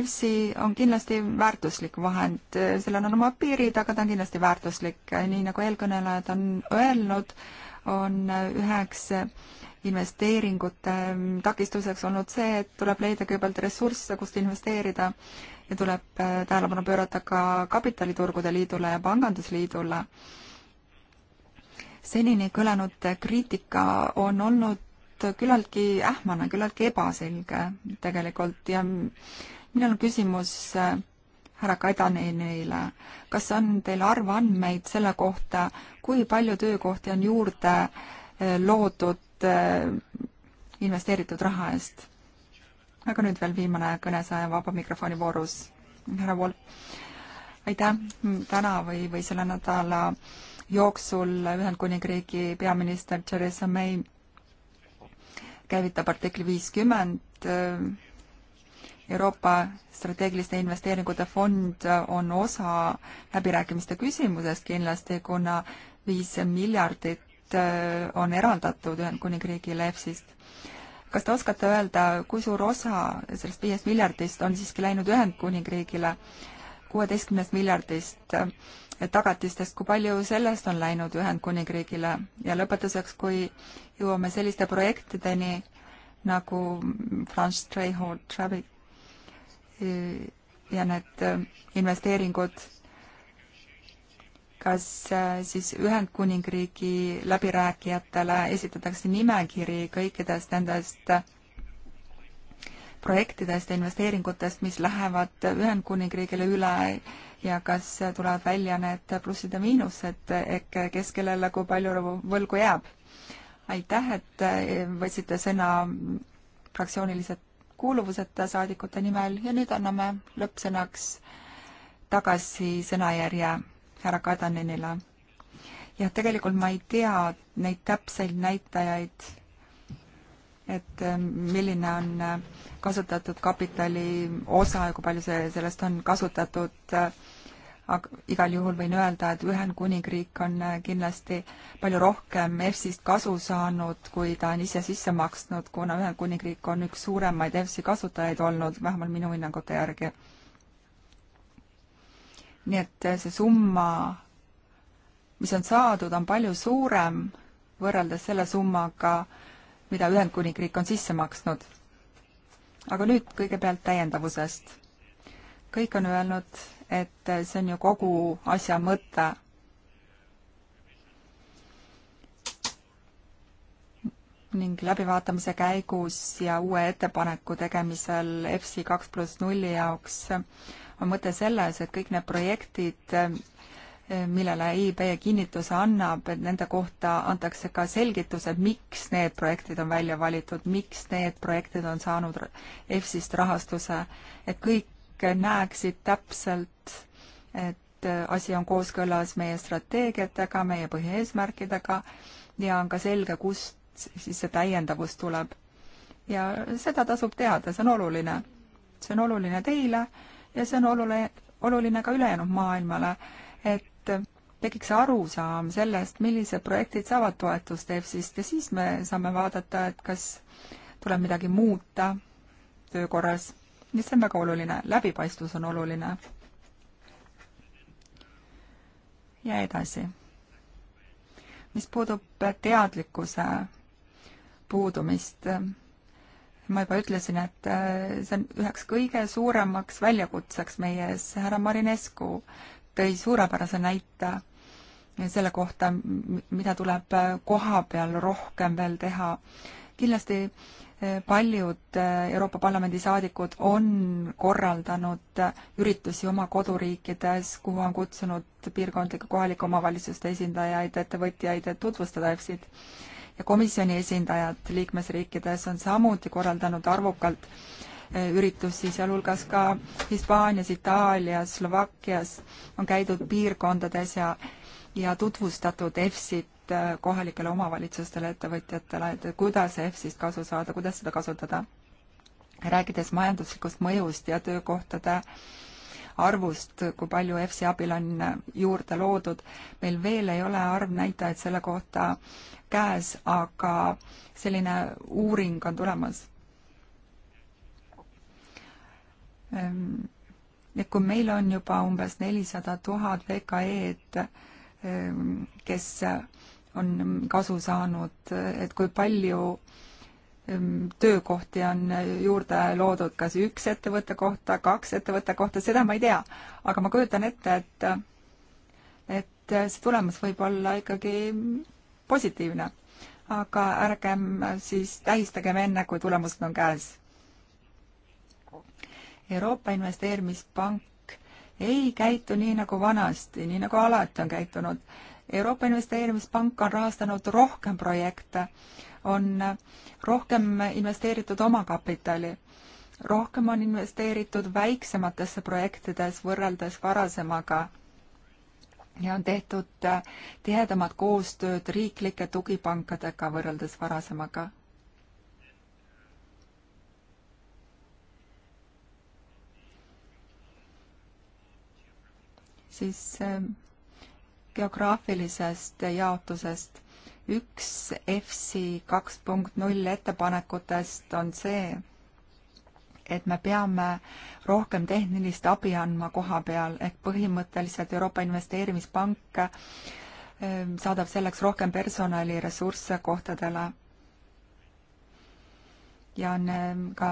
EFSI on kindlasti väärtuslik vahend, sellel on oma piirid, aga ta on kindlasti väärtuslik, nii nagu eelkõnelejad on öelnud on üheks investeeringute takistuseks olnud see, et tuleb leida kõigepealt ressursse, kust investeerida ja tuleb äh, tähelepanu pöörata ka kapitaliturgude liidule ja pangandusliidule. senini kõlanud kriitika on olnud küllaltki ähmane, küllaltki ebaselge tegelikult ja minul on küsimus äh, härra Kaidanenile, kas on teil arvandmeid selle kohta, kui palju töökohti on juurde eh, loodud eh, investeeritud raha eest? aga nüüd veel viimane kõnesaja vaba mikrofoni voorus, härra Volp. aitäh, mm, täna või, või selle nädala jooksul Ühendkuningriigi peaminister Theresa May käivitab artikli viiskümmend eh, Euroopa strateegiliste investeeringute fond on osa läbirääkimiste küsimusest kindlasti, kuna viis miljardit äh, on eraldatud Ühendkuningriigile EFSist. kas te oskate öelda, kui suur osa sellest viiest miljardist on siiski läinud Ühendkuningriigile, kuueteistkümnest miljardist äh, tagatistest, kui palju sellest on läinud Ühendkuningriigile ja lõpetuseks, kui jõuame selliste projektideni nagu Franz Treyhold Travi-, ja need äh, investeeringud, kas äh, siis Ühendkuningriigi läbirääkijatele esitatakse nimekiri kõikidest nendest äh, projektidest ja investeeringutest, mis lähevad Ühendkuningriigile üle ja kas tulevad välja need plussid ja miinused, ehk kes kellele kui palju võlgu jääb? aitäh, et võtsite sõna fraktsioonilised kuuluvuseta saadikute nimel ja nüüd anname lõppsõnaks tagasi sõnajärje härra Kadanenile. jah, tegelikult ma ei tea neid täpseid näitajaid, et äh, milline on äh, kasutatud kapitali osa ja kui palju see, sellest on kasutatud äh, aga igal juhul võin öelda, et Ühendkuningriik on äh, kindlasti palju rohkem EFSist kasu saanud, kui ta on ise sisse maksnud, kuna Ühendkuningriik on üks suuremaid EFSi kasutajaid olnud, vähemalt minu hinnangute järgi. nii et äh, see summa, mis on saadud, on palju suurem võrreldes selle summaga, mida Ühendkuningriik on sisse maksnud. aga nüüd kõigepealt täiendavusest. kõik on öelnud, et see on ju kogu asja mõte. ning läbivaatamise käigus ja uue ettepaneku tegemisel EFSI kaks pluss nulli jaoks on mõte selles, et kõik need projektid, millele EIB kinnituse annab, et nende kohta antakse ka selgitused, miks need projektid on välja valitud, miks need projektid on saanud EFSist rahastuse, et kõik näeksid täpselt, et asi on kooskõlas meie strateegiatega, meie põhieesmärkidega ja on ka selge, kust siis see täiendavus tuleb. ja seda tasub teada, see on oluline. see on oluline teile ja see on oluline, oluline ka ülejäänud maailmale, et tekiks arusaam sellest, millised projektid saavad toetust EFSist ja siis me saame vaadata, et kas tuleb midagi muuta töökorras mis on väga oluline, läbipaistvus on oluline. ja edasi. mis puudub teadlikkuse puudumist, ma juba ütlesin, et äh, see on üheks kõige suuremaks väljakutseks meie ees, härra Marinescu tõi suurepärase näite selle kohta, mida tuleb äh, koha peal rohkem veel teha kindlasti eh, paljud eh, Euroopa Parlamendi saadikud on korraldanud eh, üritusi oma koduriikides, kuhu on kutsunud piirkondlike kohalike omavalitsuste esindajaid, ettevõtjaid, et tutvustada EFSit. ja komisjoni esindajad liikmesriikides on samuti korraldanud arvukalt üritusi, sealhulgas ka Hispaanias, Itaalias, Slovakkias on käidud piirkondades ja ja tutvustatud EFSit et äh, kohalikele omavalitsustele, ettevõtjatele, et kuidas EFSist kasu saada, kuidas seda kasutada. rääkides majanduslikust mõjust ja töökohtade arvust, kui palju EFSi abil on äh, juurde loodud. meil veel ei ole arvnäitajaid selle kohta käes, aga selline uuring on tulemas. Ehm, et kui meil on juba umbes nelisada tuhat VKE-d, ehm, kes on kasu saanud, et kui palju töökohti on juurde loodud, kas üks ettevõtte kohta, kaks ettevõtte kohta, seda ma ei tea. aga ma kujutan ette, et, et see tulemus võib olla ikkagi positiivne. aga ärgem siis tähistagem enne, kui tulemused on käes. Euroopa Investeerimispank ei käitu nii nagu vanasti, nii nagu alati on käitunud Euroopa Investeerimispank on rahastanud rohkem projekte, on rohkem investeeritud omakapitali, rohkem on investeeritud väiksematesse projektides võrreldes varasemaga ja on tehtud äh, tihedamat koostööd riiklike tugipankadega võrreldes varasemaga. siis äh, geograafilisest jaotusest. üks EFSI kaks punkt null ettepanekutest on see, et me peame rohkem tehnilist abi andma koha peal, ehk põhimõtteliselt Euroopa Investeerimispank ähm, saadab selleks rohkem personaliressursse kohtadele ja on ähm, ka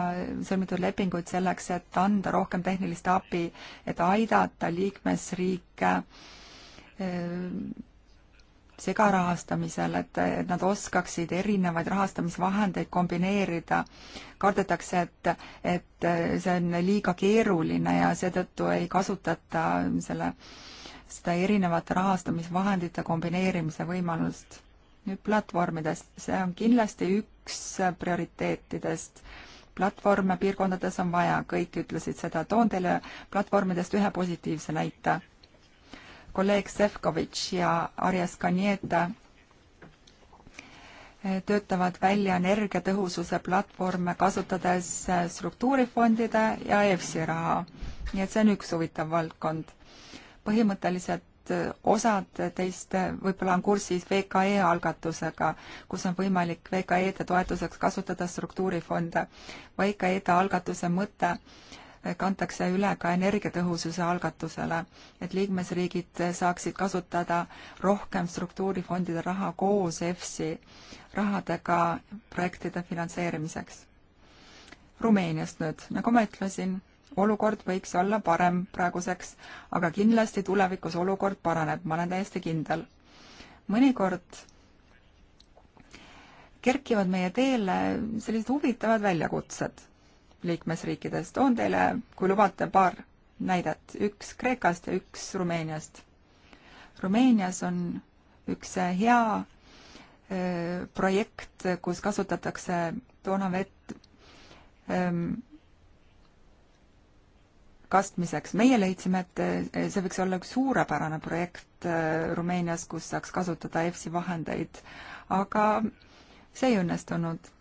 sõlmitud lepinguid selleks, et anda rohkem tehnilist abi, et aidata liikmesriike segarahastamisel, et, et nad oskaksid erinevaid rahastamisvahendeid kombineerida. kardetakse, et, et see on liiga keeruline ja seetõttu ei kasutata selle, seda erinevate rahastamisvahendite kombineerimise võimalust. nüüd platvormidest, see on kindlasti üks prioriteetidest platvorme piirkondades on vaja, kõik ütlesid seda, toon teile platvormidest ühe positiivse näite kolleeg Sefkovitš ja Arias Kaniete eh, töötavad välja energiatõhususe platvorme, kasutades eh, struktuurifondide ja EFSI raha. nii et see on üks huvitav valdkond. põhimõtteliselt eh, osad teist võib-olla on kursis VKE algatusega, kus on võimalik VKE-de toetuseks kasutada struktuurifonde. VKE-de algatuse mõte äh, kantakse üle ka energiatõhususe algatusele, et liikmesriigid saaksid kasutada rohkem struktuurifondide raha koos EFSI rahadega projektide finantseerimiseks. Rumeeniast nüüd, nagu ma ütlesin, olukord võiks olla parem praeguseks, aga kindlasti tulevikus olukord paraneb, ma olen täiesti kindel. mõnikord kerkivad meie teele sellised huvitavad väljakutsed liikmesriikidest. toon teile, kui lubate, paar näidet, üks Kreekast ja üks Rumeeniast. Rumeenias on üks hea projekt, kus kasutatakse toonavett kastmiseks. meie leidsime, et see võiks olla üks suurepärane projekt Rumeenias, kus saaks kasutada EFSI vahendeid, aga see ei õnnestunud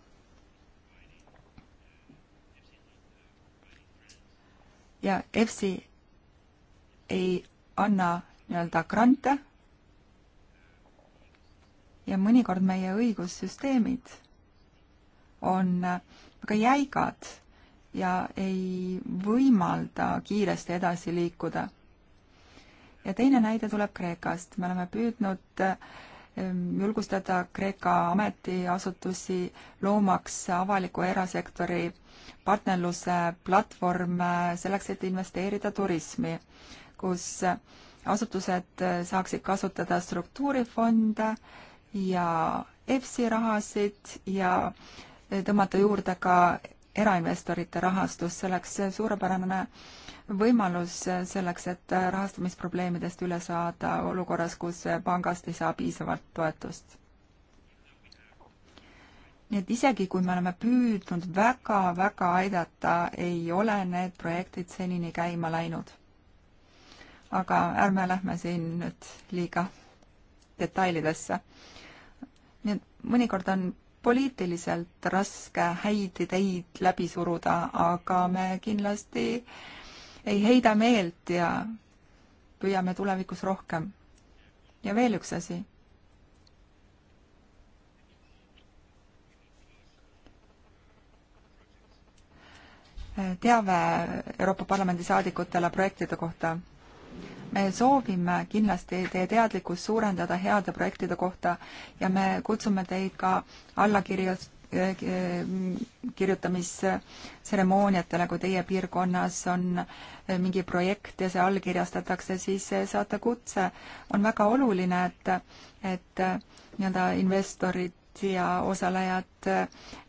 ja EFSI ei anna nii-öelda grante ja mõnikord meie õigussüsteemid on väga jäigad ja ei võimalda kiiresti edasi liikuda. ja teine näide tuleb Kreekast, me oleme püüdnud ehm, julgustada Kreeka ametiasutusi loomaks avaliku erasektori partnerluse platvorm äh, selleks, et investeerida turismi, kus asutused äh, saaksid kasutada struktuurifonde ja EFSI rahasid ja äh, tõmmata juurde ka erainvestorite rahastus, selleks suurepärane võimalus selleks, et rahastamisprobleemidest üle saada olukorras, kus pangast ei saa piisavalt toetust nii et isegi, kui me oleme püüdnud väga-väga aidata, ei ole need projektid senini käima läinud. aga ärme lähme siin nüüd liiga detailidesse. nii et mõnikord on poliitiliselt raske häid ideid läbi suruda, aga me kindlasti ei heida meelt ja püüame tulevikus rohkem. ja veel üks asi teave Euroopa Parlamendi saadikutele projektide kohta. me soovime kindlasti teie teadlikkust suurendada heade projektide kohta ja me kutsume teid ka allakirjast eh, kirjutamistseremooniatele, kui teie piirkonnas on eh, mingi projekt ja see allkirjastatakse, siis eh, saate kutse. on väga oluline, et, et nii-öelda investorid ja osalejad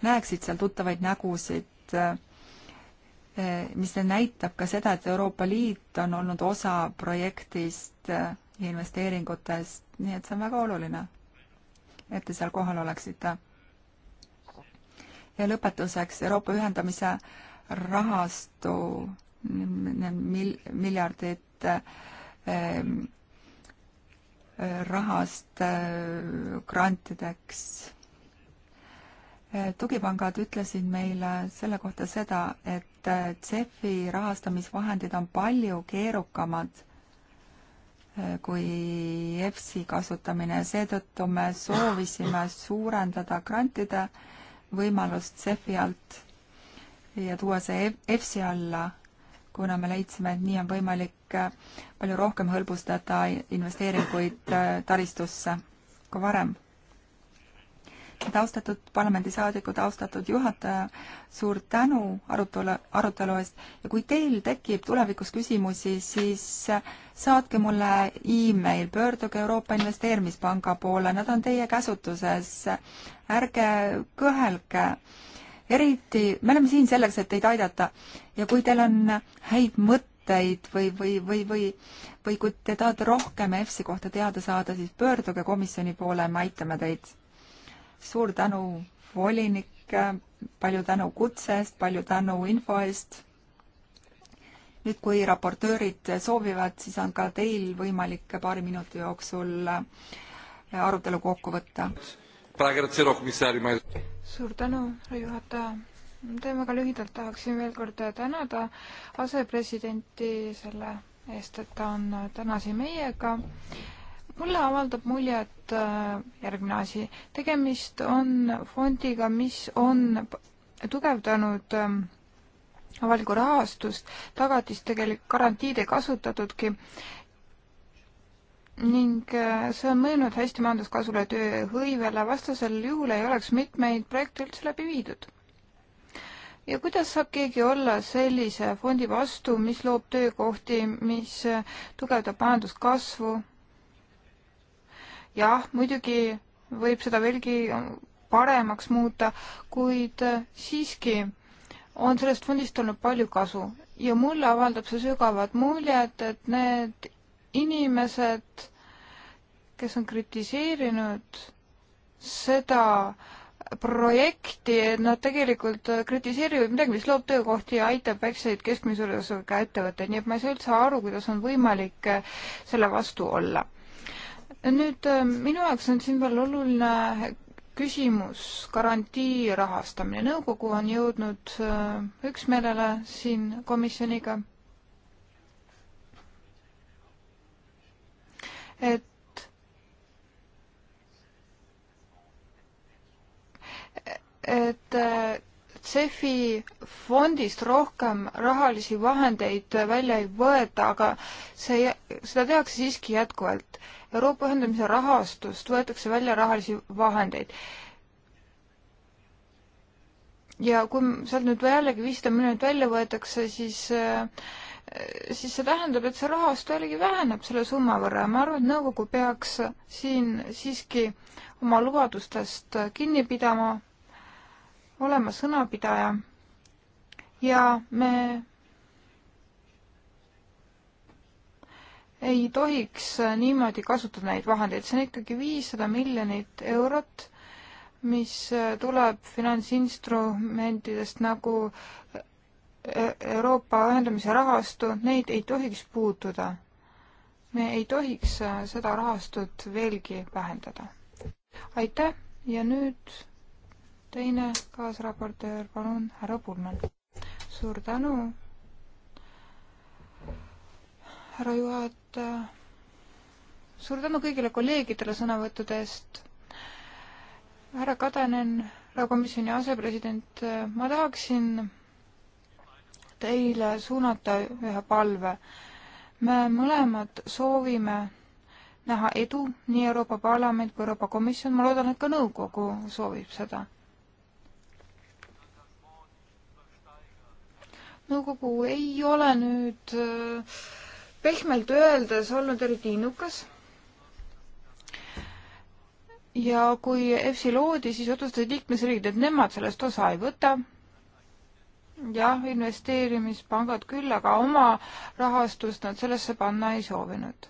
näeksid seal tuttavaid nägusid Eh, mis näitab ka seda, et Euroopa Liit on olnud osa projektist ja eh, investeeringutest, nii et see on väga oluline, et te seal kohal oleksite. ja lõpetuseks Euroopa ühendamise rahastu mil-, miljardit eh, rahast grantideks tugipangad ütlesid meile selle kohta seda, et CEF-i rahastamisvahendid on palju keerukamad kui EFSI kasutamine, seetõttu me soovisime suurendada grantide võimalust CEF-i alt ja tuua see EFSI alla, kuna me leidsime, et nii on võimalik palju rohkem hõlbustada investeeringuid taristusse kui varem austatud parlamendisaadikud, austatud juhataja, suur tänu arutelu, arutelu eest ja kui teil tekib tulevikus küsimusi, siis saatke mulle email, pöörduge Euroopa Investeerimispanga poole, nad on teie käsutuses, ärge kõhelge. eriti, me oleme siin selleks, et teid aidata ja kui teil on häid mõtteid või, või, või, või või kui te tahate rohkem EFSi kohta teada saada, siis pöörduge komisjoni poole, me aitame teid suur tänu, volinik, palju tänu kutse eest, palju tänu info eest. nüüd, kui raportöörid soovivad, siis on ka teil võimalik paari minuti jooksul eh, arutelu kokku võtta. suur tänu, härra juhataja teen väga lühidalt, tahaksin veel kord tänada asepresidenti selle eest, et ta on täna siin meiega mulle avaldab mulje, et äh, järgmine asi, tegemist on fondiga, mis on tugevdanud ähm, avalikku rahastust, tagatist tegelikult garantiid ei kasutatudki ning äh, see on mõjunud hästi majanduskasvule, tööhõivele, vastasel juhul ei oleks mitmeid projekte üldse läbi viidud. ja kuidas saab keegi olla sellise fondi vastu, mis loob töökohti, mis äh, tugevdab majanduskasvu jah, muidugi võib seda veelgi paremaks muuta, kuid äh, siiski on sellest fondist olnud palju kasu ja mulle avaldab see sügavat muljet, et need inimesed, kes on kritiseerinud seda projekti, et nad tegelikult äh, kritiseerivad midagi, mis loob töökohti ja aitab väikseid keskmise suurusega ettevõtteid, nii et ma ei saa üldse aru, kuidas on võimalik äh, selle vastu olla nüüd äh, minu jaoks on siin veel oluline küsimus, garantii rahastamine. nõukogu on jõudnud äh, üksmeelele siin komisjoniga, et et äh, CEF-i fondist rohkem rahalisi vahendeid välja ei võeta, aga see, seda tehakse siiski jätkuvalt Euroopa ühendamise rahastust võetakse välja rahalisi vahendeid. ja kui sealt nüüd jällegi viissada miljonit välja võetakse, siis eh, siis see tähendab, et see rahastu jällegi väheneb selle summa võrra ja ma arvan, et nõukogu peaks siin siiski oma lubadustest kinni pidama, olema sõnapidaja ja me ei tohiks äh, niimoodi kasutada neid vahendeid, see on ikkagi viissada miljonit eurot, mis äh, tuleb finantsinstrumentidest nagu äh, Euroopa ühendamise rahastu, neid ei tohiks puutuda. me ei tohiks seda rahastut veelgi vähendada. aitäh ja nüüd teine kaasraportöör, palun, härra Pulman. suur tänu, härra juhataja Äh, suur tänu kõigile kolleegidele sõnavõttude eest. härra Kadanen, rahakomisjoni asepresident, äh, ma tahaksin teile suunata ühe palve. me mõlemad soovime näha edu, nii Euroopa Parlament kui Euroopa Komisjon, ma loodan, et ka nõukogu soovib seda. nõukogu ei ole nüüd äh, pehmelt öeldes olnud eriti innukas. ja kui EFSI loodi, siis otsustasid liikmesriigid, et nemad sellest osa ei võta. jah, investeerimispangad küll, aga oma rahastust nad sellesse panna ei soovinud.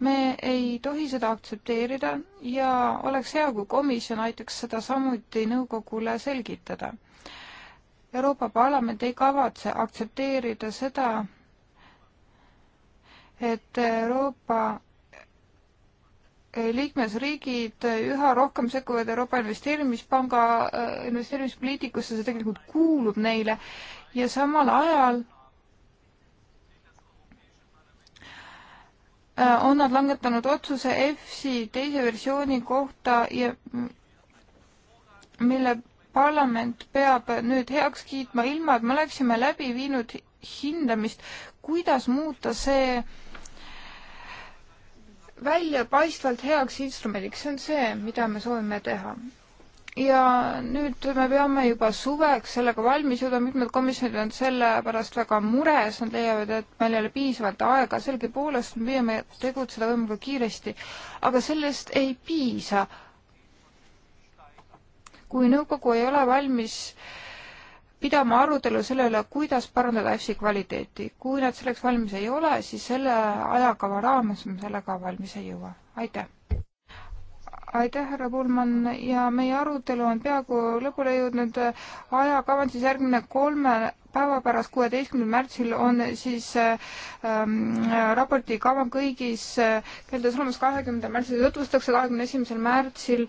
me ei tohi seda aktsepteerida ja oleks hea, kui komisjon aitaks seda samuti nõukogule selgitada Euroopa Parlament ei kavatse aktsepteerida seda, et Euroopa liikmesriigid üha rohkem sekkuvad Euroopa Investeerimispanga investeerimispoliitikusse, see tegelikult kuulub neile ja samal ajal äh, on nad langetanud otsuse EFSI teise versiooni kohta ja mille parlament peab nüüd heaks kiitma, ilma et me oleksime läbi viinud hindamist, kuidas muuta see äh, väljapaistvalt heaks instrumendiks, see on see, mida me soovime teha. ja nüüd me peame juba suveks sellega valmis jõudma, mitmed komisjonid on selle pärast väga mures, nad leiavad, et meil ei ole piisavalt aega, sellegipoolest me püüame tegutseda võimalikult kiiresti, aga sellest ei piisa. kui nõukogu ei ole valmis äh, pidama arutelu selle üle, kuidas parandada EFSi kvaliteeti. kui nad selleks valmis ei ole, siis selle ajakava raames me sellega valmis ei jõua. aitäh! aitäh, härra Pullmann ja meie arutelu on peaaegu lõpule jõudnud. ajakava on siis järgmine kolme päeva pärast, kuueteistkümnendal märtsil on siis ähm, raporti kava kõigis äh, keeltes olemas kahekümnendal märtsil, tutvustatakse kahekümne esimesel märtsil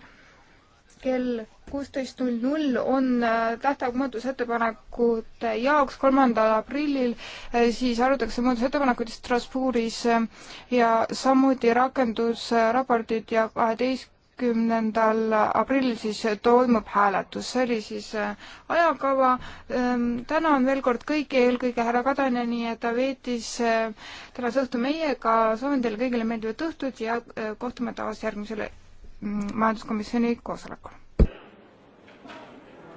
kell kuusteist null null on äh, tähtaeg muudatusettepanekute jaoks, kolmandal aprillil äh, siis arutatakse muudatusettepanekuid Strasbourgis äh, ja samuti rakendusraportid ja kaheteistkümnendal aprillil siis toimub hääletus, see oli siis ajakava. Ähm, tänan veel kord kõiki, eelkõige härra Kadaneni, et ta veetis tänase õhtu meiega, soovin teile kõigile meeldivat õhtut ja kohtume taas järgmisel majanduskomisjoni koosolekul.